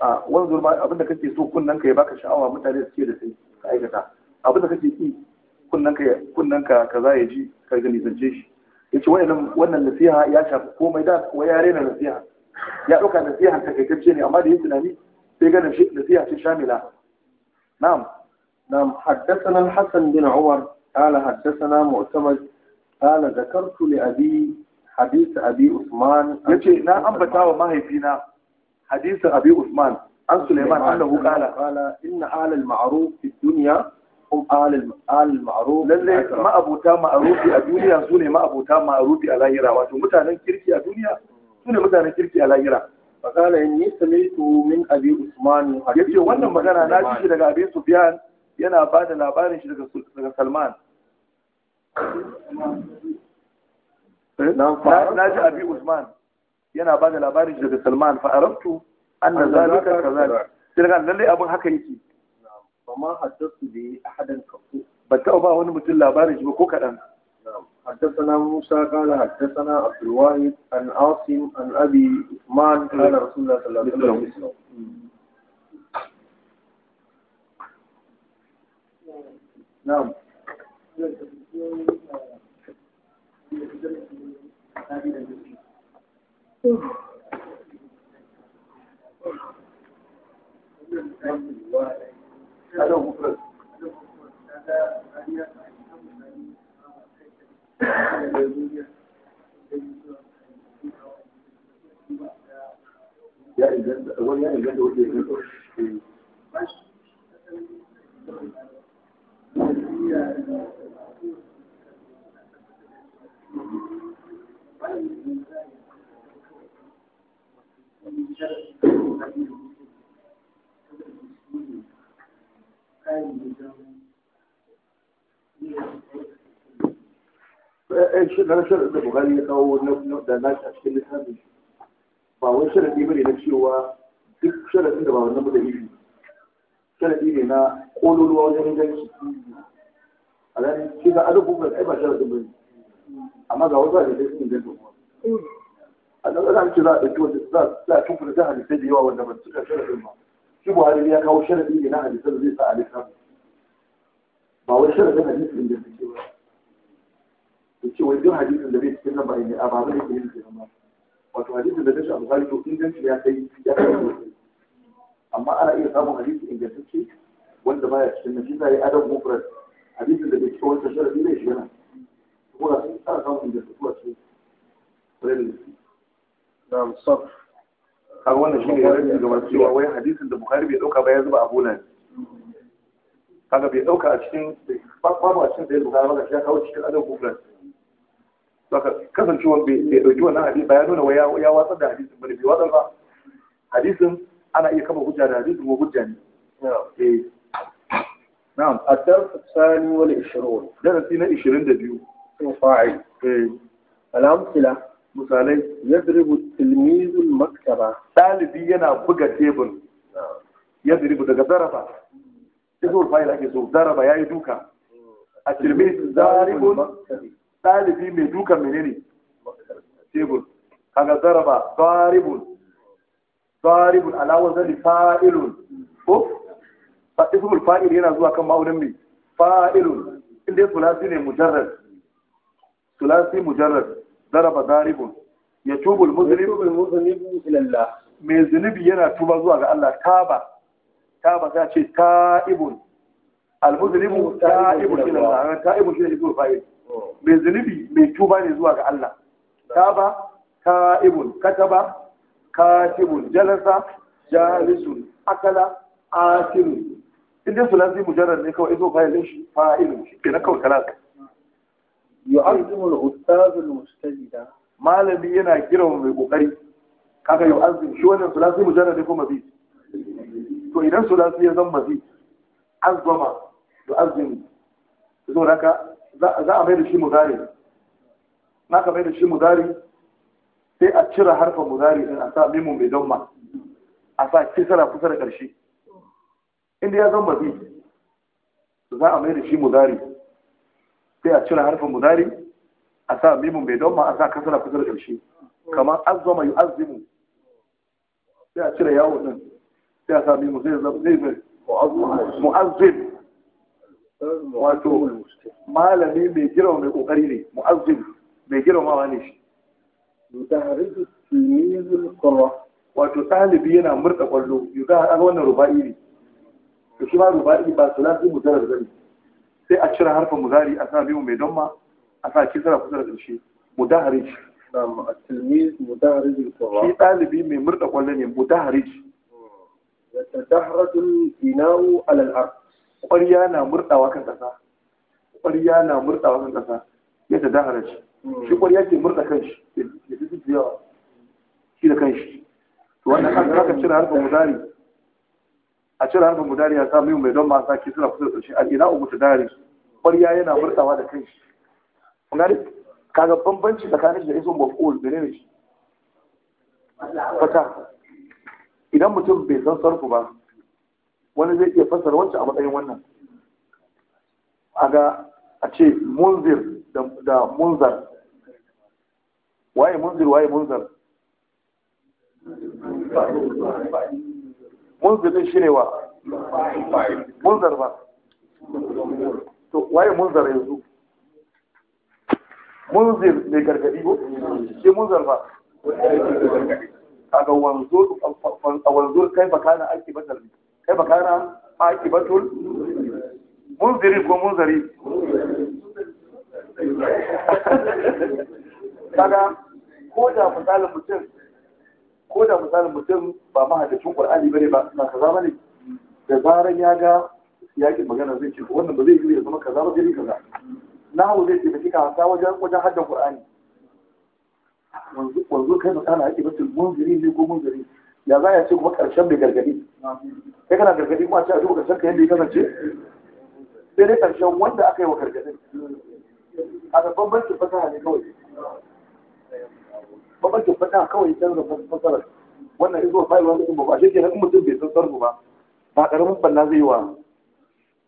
a wani zurma abin da kake so kunnen ka ya baka sha'awa mutane su ce da sai ka aikata abin da kake ki kunnen ka za ya ji ka ga nisance shi yace wannan wannan nasiha ya shafi komai da wai ya rena nasiha ya ɗauka nasiha ta kai ne amma da yin tunani sai ga nasiha ce shamila na'am na'am haddathana al-hasan bin umar قال حدثنا مؤتمر قال ذكرت لأبي حديث أبي عثمان يجي نا أنبتا وما هي فينا حديث أبي عثمان عن سليمان أنه قال قال inna آل المعروف في الدنيا hum alal ma'ruf lalle ma'abuta ma'rufi a duniya sune ma'abuta ma'rufi a lahira wato mutanen kirki a duniya sune mutanen kirki a lahira فقال إني سمعت من أبي عثمان يبقى wannan magana na ji daga Abi Sufyan yana ba da labarin shi daga Salman eh, na ji Abi Usman yana ba da labarin shi daga Salman fa arabtu anna zalika kazalik sai daga lalle abin haka yake فما حدثت به أحدا كفو بتأبا هون مثل لابارج بكو كلام نعم. حدثنا موسى قال حدثنا عبد الواحد عن عاصم عن أبي عثمان قال رسول الله صلى الله عليه وسلم نعم Thank you. نعم. نعم. ya Thank you. Eh, eh, na shirin da bukari ya kawo da na a cikin littafin ba wai sharadi bane na cewa duk sharadin da ba wannan da ibi sharadi ne na kololuwa wajen inganci a nan shi ga alububuwan ai ba sharadin bane amma ga wasu hadisai sun inganta kuma a nan za a ce za a za a tukuna ta hadisai da yawa wanda ba su ka sharadin ba shi buhari ya kawo sharadi ne na da zai sa a littafi ba wani sharadin hadisin da suke ba da ce wai duk hadisin da bai cikin nan ba ne a ba zai yi cikin ba wato hadisin da ta shafi buhari to inganci ya kai ya kai sosai amma ana iya samun hadisi ingantacce wanda baya cikin nan shi yi adam mufrad hadisin da bai cikin wancan sharadi zai shi yana kuma ga sun tsara samun ingantattuwa ce. Na'am, sabr. kaga wannan shi ne ya rage ga masu cewa wai hadisin da Bukhari bai dauka ba ya zuba abu ne kaga bai dauka a cikin babu a cikin da ya Bukhari ba ya kawo cikin adab Bukhari saka kasancewa bai dauki wannan hadisi ba ya nuna wai ya watsar da hadisin bane bai watsar ba hadisin ana iya kama hujja da hadisin ko hujja ne eh na'am at-tarf ath-thani wal 20 darasi na 22 fa'il eh al-amthila misalai yadribu tilmizul maskara ɗalibi yana buga tebur yadribu daga zaraba isur fayil ake so zaraba ya yi duka a tilmiz zaribun ɗalibi mai duka menene tebur kaga zaraba zaribun zaribun alawar wazani fa'ilun ko ismul fa'il yana zuwa kan ma'aunin mai fa'ilun inda tulasi ne mujarrar sulasi mujarrad daraba daribun ya tubul muzlim ilallah mai zunubi yana tuba zuwa ga Allah taba taba za ce ta'ibun al-muzlimu ta'ibun ilallah ta'ibun shine zuwa fa'il oh. mai zunubi mai tuba ne zuwa ga Allah taba ta'ibun kataba katibun jalasa jalisun akala asimun in dai sulasi mujarrad ne kawai zo fa'ilin shi fa'ilun shi kenan kawai kalasa yu'azzimu al-ustaz al-mustahida malami yana girma mai kokari kaga yu'azzim shi wannan sulasi mujarrad ko mazi to idan sulasi ya zama mazi azgama yu'azzim to haka za a mai da shi mudari na ka mai da shi mudari sai a cire harfa mudari din a sa mimun bai ma. a sa sara kusa da ƙarshe inda ya zama mazi za a mai da shi mudari sai a cire harfin mudari a sa mimun mai don ma a sa kasara kusur ƙarshe kamar azzama yi azzimu sai a cire yawon nan sai a sa mimun zai zai mu'azzim wato malami mai girma mai ƙoƙari ne mu'azzim mai ma ne shi wato ɗalibi yana murɗa ƙwallo yudahar wannan ruba'i ne to shi ma ruba'i ba su lafi mujarar zai sai a cire harfin muzari a sa biyu mai donma a sa kisra kusa da ƙarshe mudaharij na'am at-tilmiz mudaharij al-qurra shi dalibi mai murda kwallo ne mudaharij yatadahratu binahu ala al-ard ƙwarya na murdawa kan ƙasa ƙwarya na murdawa kan ƙasa yatadaharaj hmm. shi ƙwarya ke murda kanshi ya fi yawa shi da kanshi to wannan kan ka cire harfin muzari a cire harfin mudari ya samu mai don masu ake suna kusa da ƙarshe ina umu ta dari ƙwarya yana murtawa da kanshi gani kaga bambanci tsakanin da isun maf'ul da ne shi fata idan mutum bai san sarfu ba wani zai iya fassara wancan a matsayin wannan a ga a ce munzir da munzar waye munzir waye munzar munzirin shi ne wa munzar ba to waye munzar yanzu munzir mai gargadi ko shi munzar ba kaga wanzo a wanzo kai bakana aiki batar kai bakana aiki batul munzirin ko munzari kaga ko da fasalin mutum ko da misalin mutum ba mahaddacin ƙwar'ani bane ba na kaza bane da zaran ya ga yakin magana zai ce wannan ba zai yi ya zama kaza ba zai kaza hau zai taimaki ka hasa wajen wajen haddan ƙwar'ani wanzu kai misali ake mutum munziri ne ko munziri ya za ya ce kuma karshen bai gargadi kai kana gargadi kuma a ce a duba ƙarshen ka yadda ya kasance sai dai karshen wanda aka yi wa gargadin a babban fasaha ne kawai mafarkin faɗa kawai ya da fasarar wannan izuwa yi wani sun ba shi kenan in mutum bai san sarfu ba ba karamin balla zai yi wa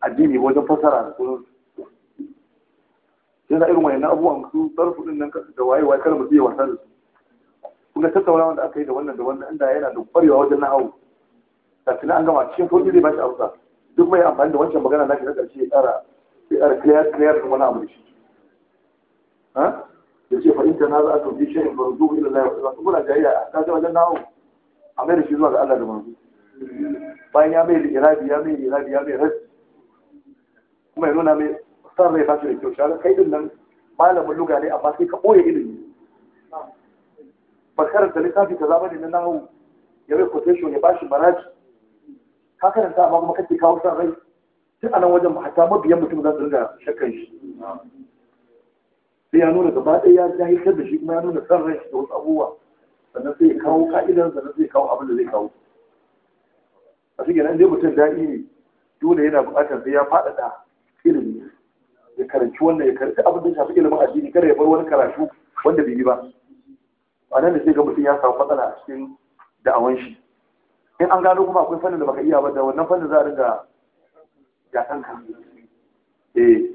addini wajen fasara da kuma yana irin wani wayan abubuwan su sarfu din nan da waye waye kar mutum ya wasa da su kuma tattaunawa da aka yi da wannan da wannan inda yana da kwarewa wajen nahawu kafin an gama cikin sauƙi zai ba shi amsa duk mai amfani da wancan magana na shi na ƙarshe ya ƙara ya ƙara clear clear wani abu da shi yace fa in tanaza'tum fi shay'in farudduhu ila Allah wa Rasul Allah jayya ka ga wajen nawo a mai shi zuwa ga Allah da manzo bayan ya mai irabi ya mai irabi ya mai rabi kuma ya nuna mai san rai fashi da kyau shi kai din nan malamin luga ne amma sai ka boye ilimi ba karanta littafi kaza bane na nawo ya bai quotation ya bashi maraji ka karanta amma kuma kake kawo san rai tun anan wajen hatta mabiyan mutum za su ringa shakkan shi sai ya nuna gaba ɗaya ya haifar da shi kuma ya nuna san rai da wasu abubuwa sannan sai ya kawo ka'idan sannan sai ya kawo abin da zai kawo a cikin nan dai mutum daɗi ne dole yana buƙatar sai ya faɗaɗa ilimi ya karanci wannan ya karanci abin da shafi ilimin addini kada ya bar wani karatu wanda bai yi ba a nan da sai ga mutum ya samu matsala a cikin da'awan shi in an gano kuma akwai fannin da baka iya ba da wannan fannin za a ringa ya kanka eh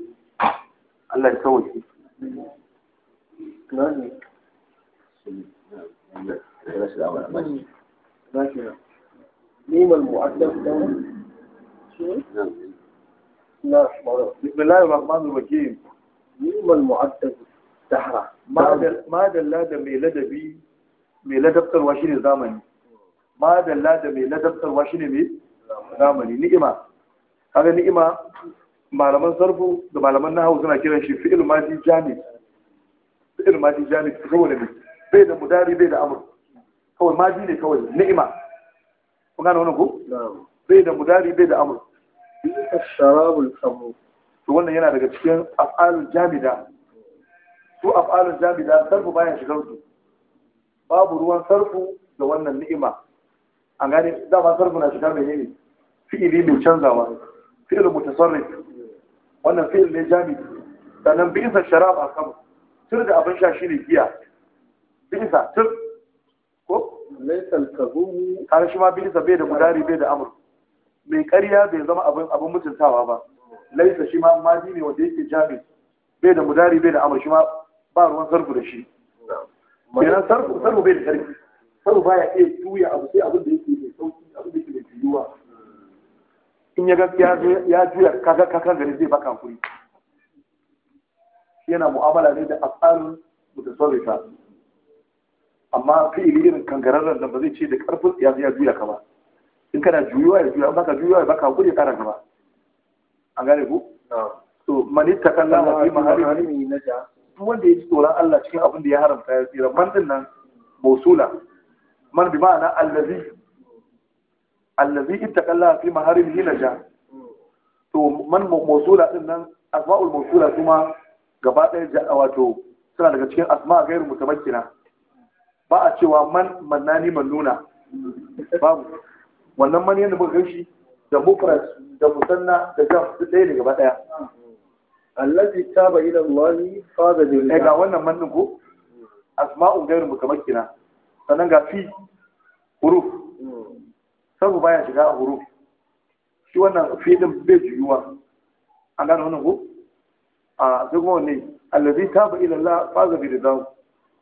Allah ya shi ميم المؤدب بسم الله الرحمن الرحيم ميم ما da mai ladabi mai ladabtarwa shine zamani ma da mai ladabtarwa shine mai zamani ni'ima kaga ni'ima malaman sarfu da malaman nahawu suna kiran shi fi'il madi jami fi'il madi jami saboda ne bai da mudari bai da amr kawai madi ne kawai ni'ima kun gane wannan ko bai da mudari bai da amr sharabul khamr to wannan yana daga cikin af'alul jamida su af'alul jamida sarfu bayan shigar su babu ruwan sarfu da wannan ni'ima an gane dama sarfu na shiga mai yini fi'ili mai canzawa fi'il mutasarrif wannan fi'il ne jami sannan bi'isa sharab a khamr tur da abin sha shi ne giya bi'isa tur ko laisal al-kabum kana shi ma bi'isa bai da mudari bai da amur. mai ƙarya bai zama abin abin mutuntawa ba Laisa, shi ma maji ne wanda yake jami bai da mudari bai da amur, shi ma ba ruwan sarfu da shi kenan sarfu sarfu bai da sarfi sarfu baya iya tuya abu sai abin da yake mai sauki abin da yake mai juyuwa in ya gaskiya ya juya kaga kaga gari zai baka hankuri yana mu'amala ne da asalin mutasarrifa amma fi'ili irin kangararren da ba zai ce da karfin ya ya juya ka ba in kana juyuwa ya juya baka juyuwa ya baka hankuri ya kara ka ba an gane ku to mani ta takalla ma fi maharimi na ja duk wanda ya ji tsoron Allah cikin abin da ya haramta ya tsira man din nan mausula man bi ma'ana allazi allazi ittaqalla fi maharin hilaja to man mawsula din nan asma'ul mawsula kuma gaba ɗaya wato suna daga cikin asma gairu mutabakkina ba a cewa man mannani mannuna babu wannan man yadda muka gashi da mufrad da musanna da jam duk ɗaya ne gaba ɗaya allazi taba ila allahi fada da dinna ga wannan man ko asma'ul gairu mutabakkina sannan ga fi huruf hmm. sabu baya shiga a huru. shi wannan fi'ilin bai juyuwa an gane wannan ko a sai kuma wanne allazi taba ila Allah faza bi ridahu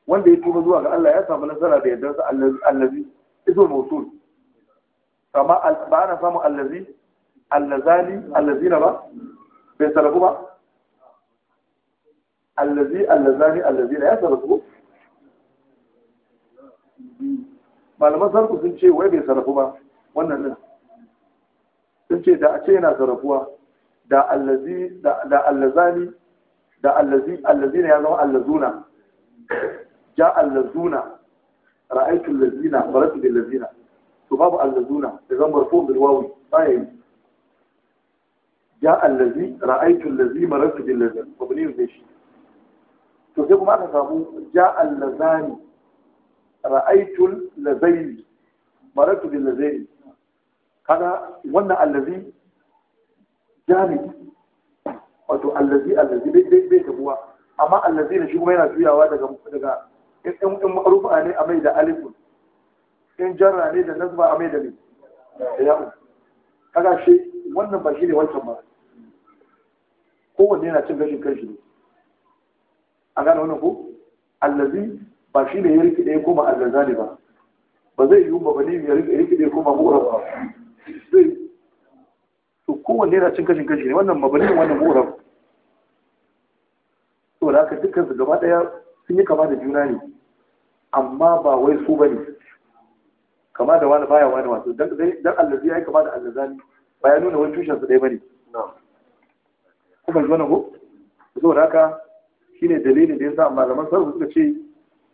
wanda ya tuba zuwa ga Allah ya samu nasara da yadda sa allazi izo mawsul kama ba ana samu allazi allazani allazina ba bai sarafu ba allazi allazani allazina ya sarafu malaman sarku sun ce wai bai sarafu ba wannan din sun ce da a ce yana sarrafuwa da allazi da allazani da allazi allazina ya zama allazuna ja allazuna ra'aytu allazina baratu bil allazina to babu allazuna da zan marfu bil wawi sai ja allazi ra'aytu allazi maratu bil allazina mabni da shi to sai kuma aka samu ja allazani ra'aytu allazaini maratu bil allazaini kaga wannan allazi jami wato allazi allazi bai bai tabuwa amma allazi da shi kuma yana juyawa daga daga in in marufa ne a mai da alif in jarra ne da nasba a mai da ne ya kaga shi wannan ba shi ne wancan ba kowanne yana cin gashin kanshi ne a gane wannan ko allazi ba shi ne ya da ya koma allaza ne ba ba zai yiwu ba ba ne ya da ya koma mu'ura ba to kowanne yana cin kashin kashi ne wannan mabalin wannan murar to da haka dukkan su gaba daya sun yi kama da juna ne amma ba wai su bane kama da wani baya wani wato dan dan allazi yayi kama da allazani ba ya nuna wani tushen su dai bane na'am kuma wannan ko saboda haka shine dalilin da yasa malaman sarfu suka ce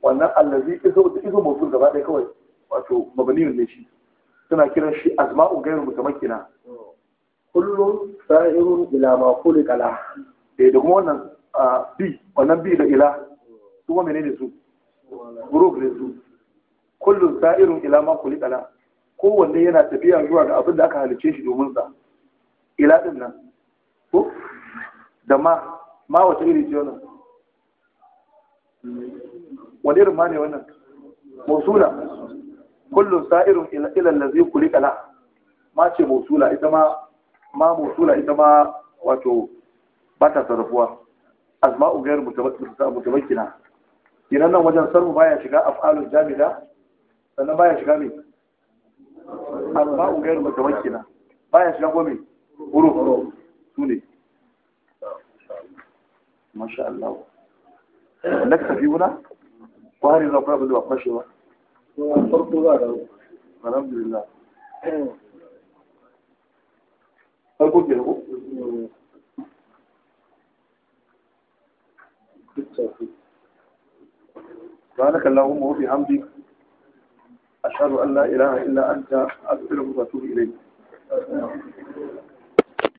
wannan allazi izo izo mawsul gaba daya kawai wato mabalin ne shi suna kiran shi asma'u gairu mutamakkina kullum sa'irun ila ma kuli kala. eh da kuma wannan bi wannan bi da ila su kuma menene su group ne su kullum sa'irun ila ma khuliqa kala. kowanne yana tafiya zuwa ga abin da aka halice shi domin sa ila din nan ko da ma ma wata iri ce wannan wani irin ma ne wannan mausula kullum sa’irin ilan da zai kuli kala ma ce motula ita ma ma motula ita ma wato ba ta sarrafuwa azma'u gayar mutabakina Idan nan wajen sarmu baya shiga af'alun jami'a sannan baya shiga mai azma'u gayar Ba baya shiga gome huruf su ne masha Allah lakta fi wuna ko har yanzu akwai abin da ba fashe ba الفرق بعده الحمد لله أقول له سبحانك اللهم وبحمدك أشهد أن لا إله إلا أنت أستغفرك وأتوب إليك